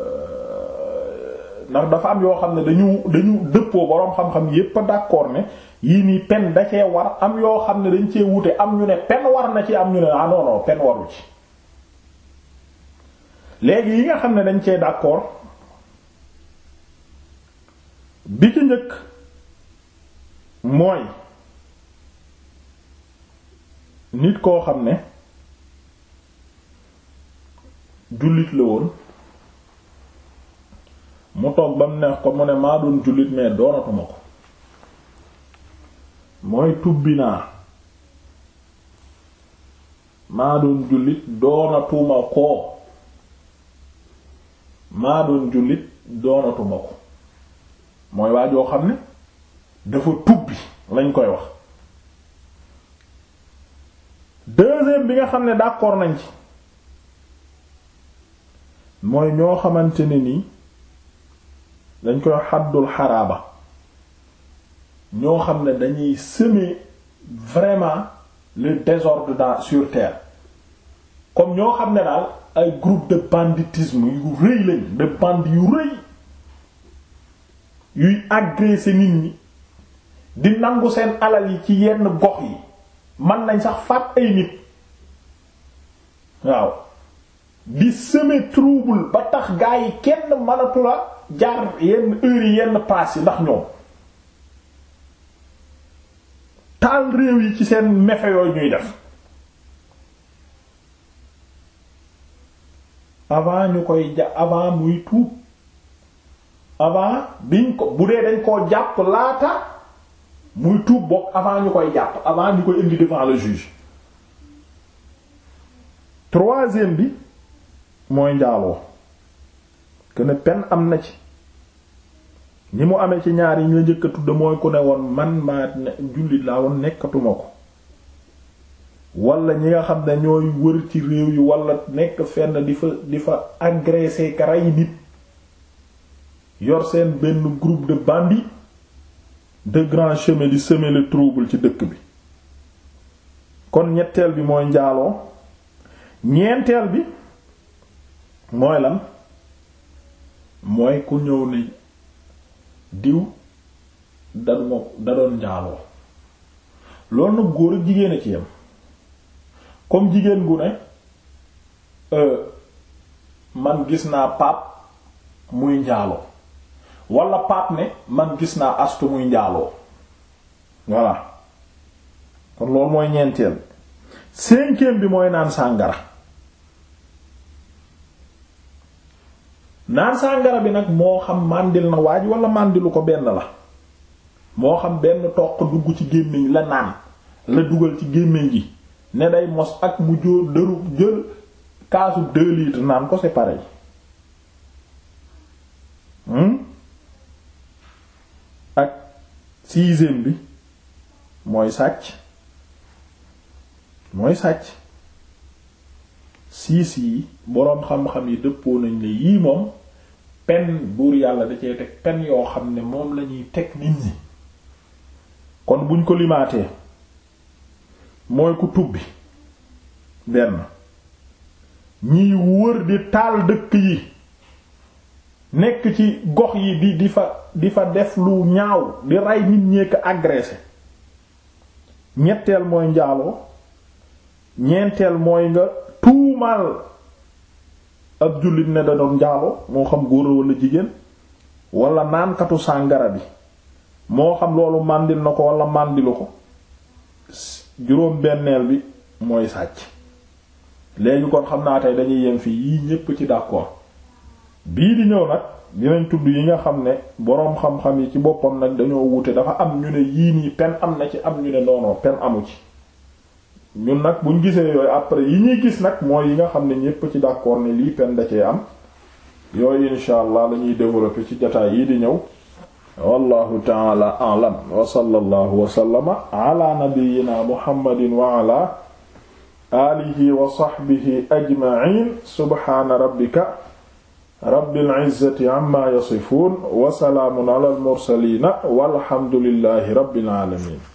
ndax dafa am yoo xam ne dañu dañu dëppoo boroom xam-xam yépp a ne yii nii pen da war am yoo xam ne dañ cee wute am ñu ne pen war na ci am ñu ne ah non pen waru ci léegi yi nga xam ne dañ cee d'accord bi ci njëkk. mooy nit koo xam ne jullit la woon mu toog ba mu neex ko mu ne maa doon jullit mais doonatuma ko maa doon jullit doonatuma ko mooy waa joo xam ne dafa tub lañ koy wax deuxième bi nga xam ne d'accord nañ ci mooy ñoo xamante ne nii dañ koy xaddul xaraaba ñoo xam ne dañuy semer vraiment le désordre dans sur terre comme ñoo xam ne daal ay groupe de yu rëy lañ de yu rëy yuy agresser nit ñi di nangu seen alal yi ci yenn gox yi mën nañ sax faat ay nit waaw di semer trouble ba tax gaa yi kenn mënatu la jaar yenn heure yi yenn paas yi ndax ñoom taal réew yi ci seen mefe yooyu ñuy def avant ñu koy ja avant muy tuub avant biñ ko bu dee dañ koo jàpp laata muy tuub bokk avant ñu avant ñu koy indi bi mooy njaaloo ne pen am na ci ñi mu amee ci ñaar yi ñu njëkk a tudd mooy ku ne woon man maa jullit laa woon nekkatuma ko wala ñi nga xam ne ñooy wër ci réew yi wala nekk fenn di difa di fa agresser kara yi nit yor seen benn groupe de bandits de grands chemins di semer le trouble ci dëkk bi kon ñetteel bi mooy njaaloo ñeenteel bi mooy lan mooy ku ñëw ne diw da doon njaaloo loolu nag góor ak jigéen a ci yem comme jigéen gu ne euh, man gis naa pap muy njaaloo wala paap ne man gis naa astu muy njaaloo voilà kon loolu mooy ñeenteel cinquième bi mooy naan sàngara naan sàngara bi nag moo xam màndil na waaj wala màndilu ko benn la moo xam benn toq dugg ci gémmiñ la naan la dugal ci gémmiñ gi ne day mos ak mu jóor dëru jël kaasu deux litres naan ko c'est pareil hmm? sixième bi mooy sàcc mooy sàcc siis yi boroom xam-xam yi dëppoo nañ ne yii moom pen buur yàlla da cee teg pen yoo xam ne moom lañuy teg nit ñi kon buñ ko limaatee mooy ku tubbi benn ñiy wër di taal dëkk yi nekk ci gox yi di di fa di fa def lu ñaaw di rey nit ñee ko ñetteel mooy njaaloo ñeenteel mooy nga tuumaal ab jullit ne da doon njaaloo moo xam góor wala jigéen walla naankatu sàngara bi moo xam loolu màndil na ko wala màndilu ko juróom benneel bi mooy sàcc léegi kon xam naa tey dañuy yem fii yii ñépp ci d'accord bii di ñëw nag dinañ tudd yi nga xam ne boroom xam-xam yi ci boppam nag dañoo wute dafa am ñu ne yii nii pen am na ci am ñu ne noonoo pen amu ci ñun nag buñ gisee yooyu après yi ñuy gis nag mooy yi nga xam ne ñépp ci d'accord ni lii pen da cee am yooyu insha allah lañuy développer ci jotaay yi di ñëw wallahu taala alam wa sallallahu wa sallama ala nabiyyina muhammadin wa ala alihi wa sahbihi ajma'in subhana rabbika rabbil izzati amma yasifuun wa salaamun alal mursaliina walhamdulillahi rabbil aalamiin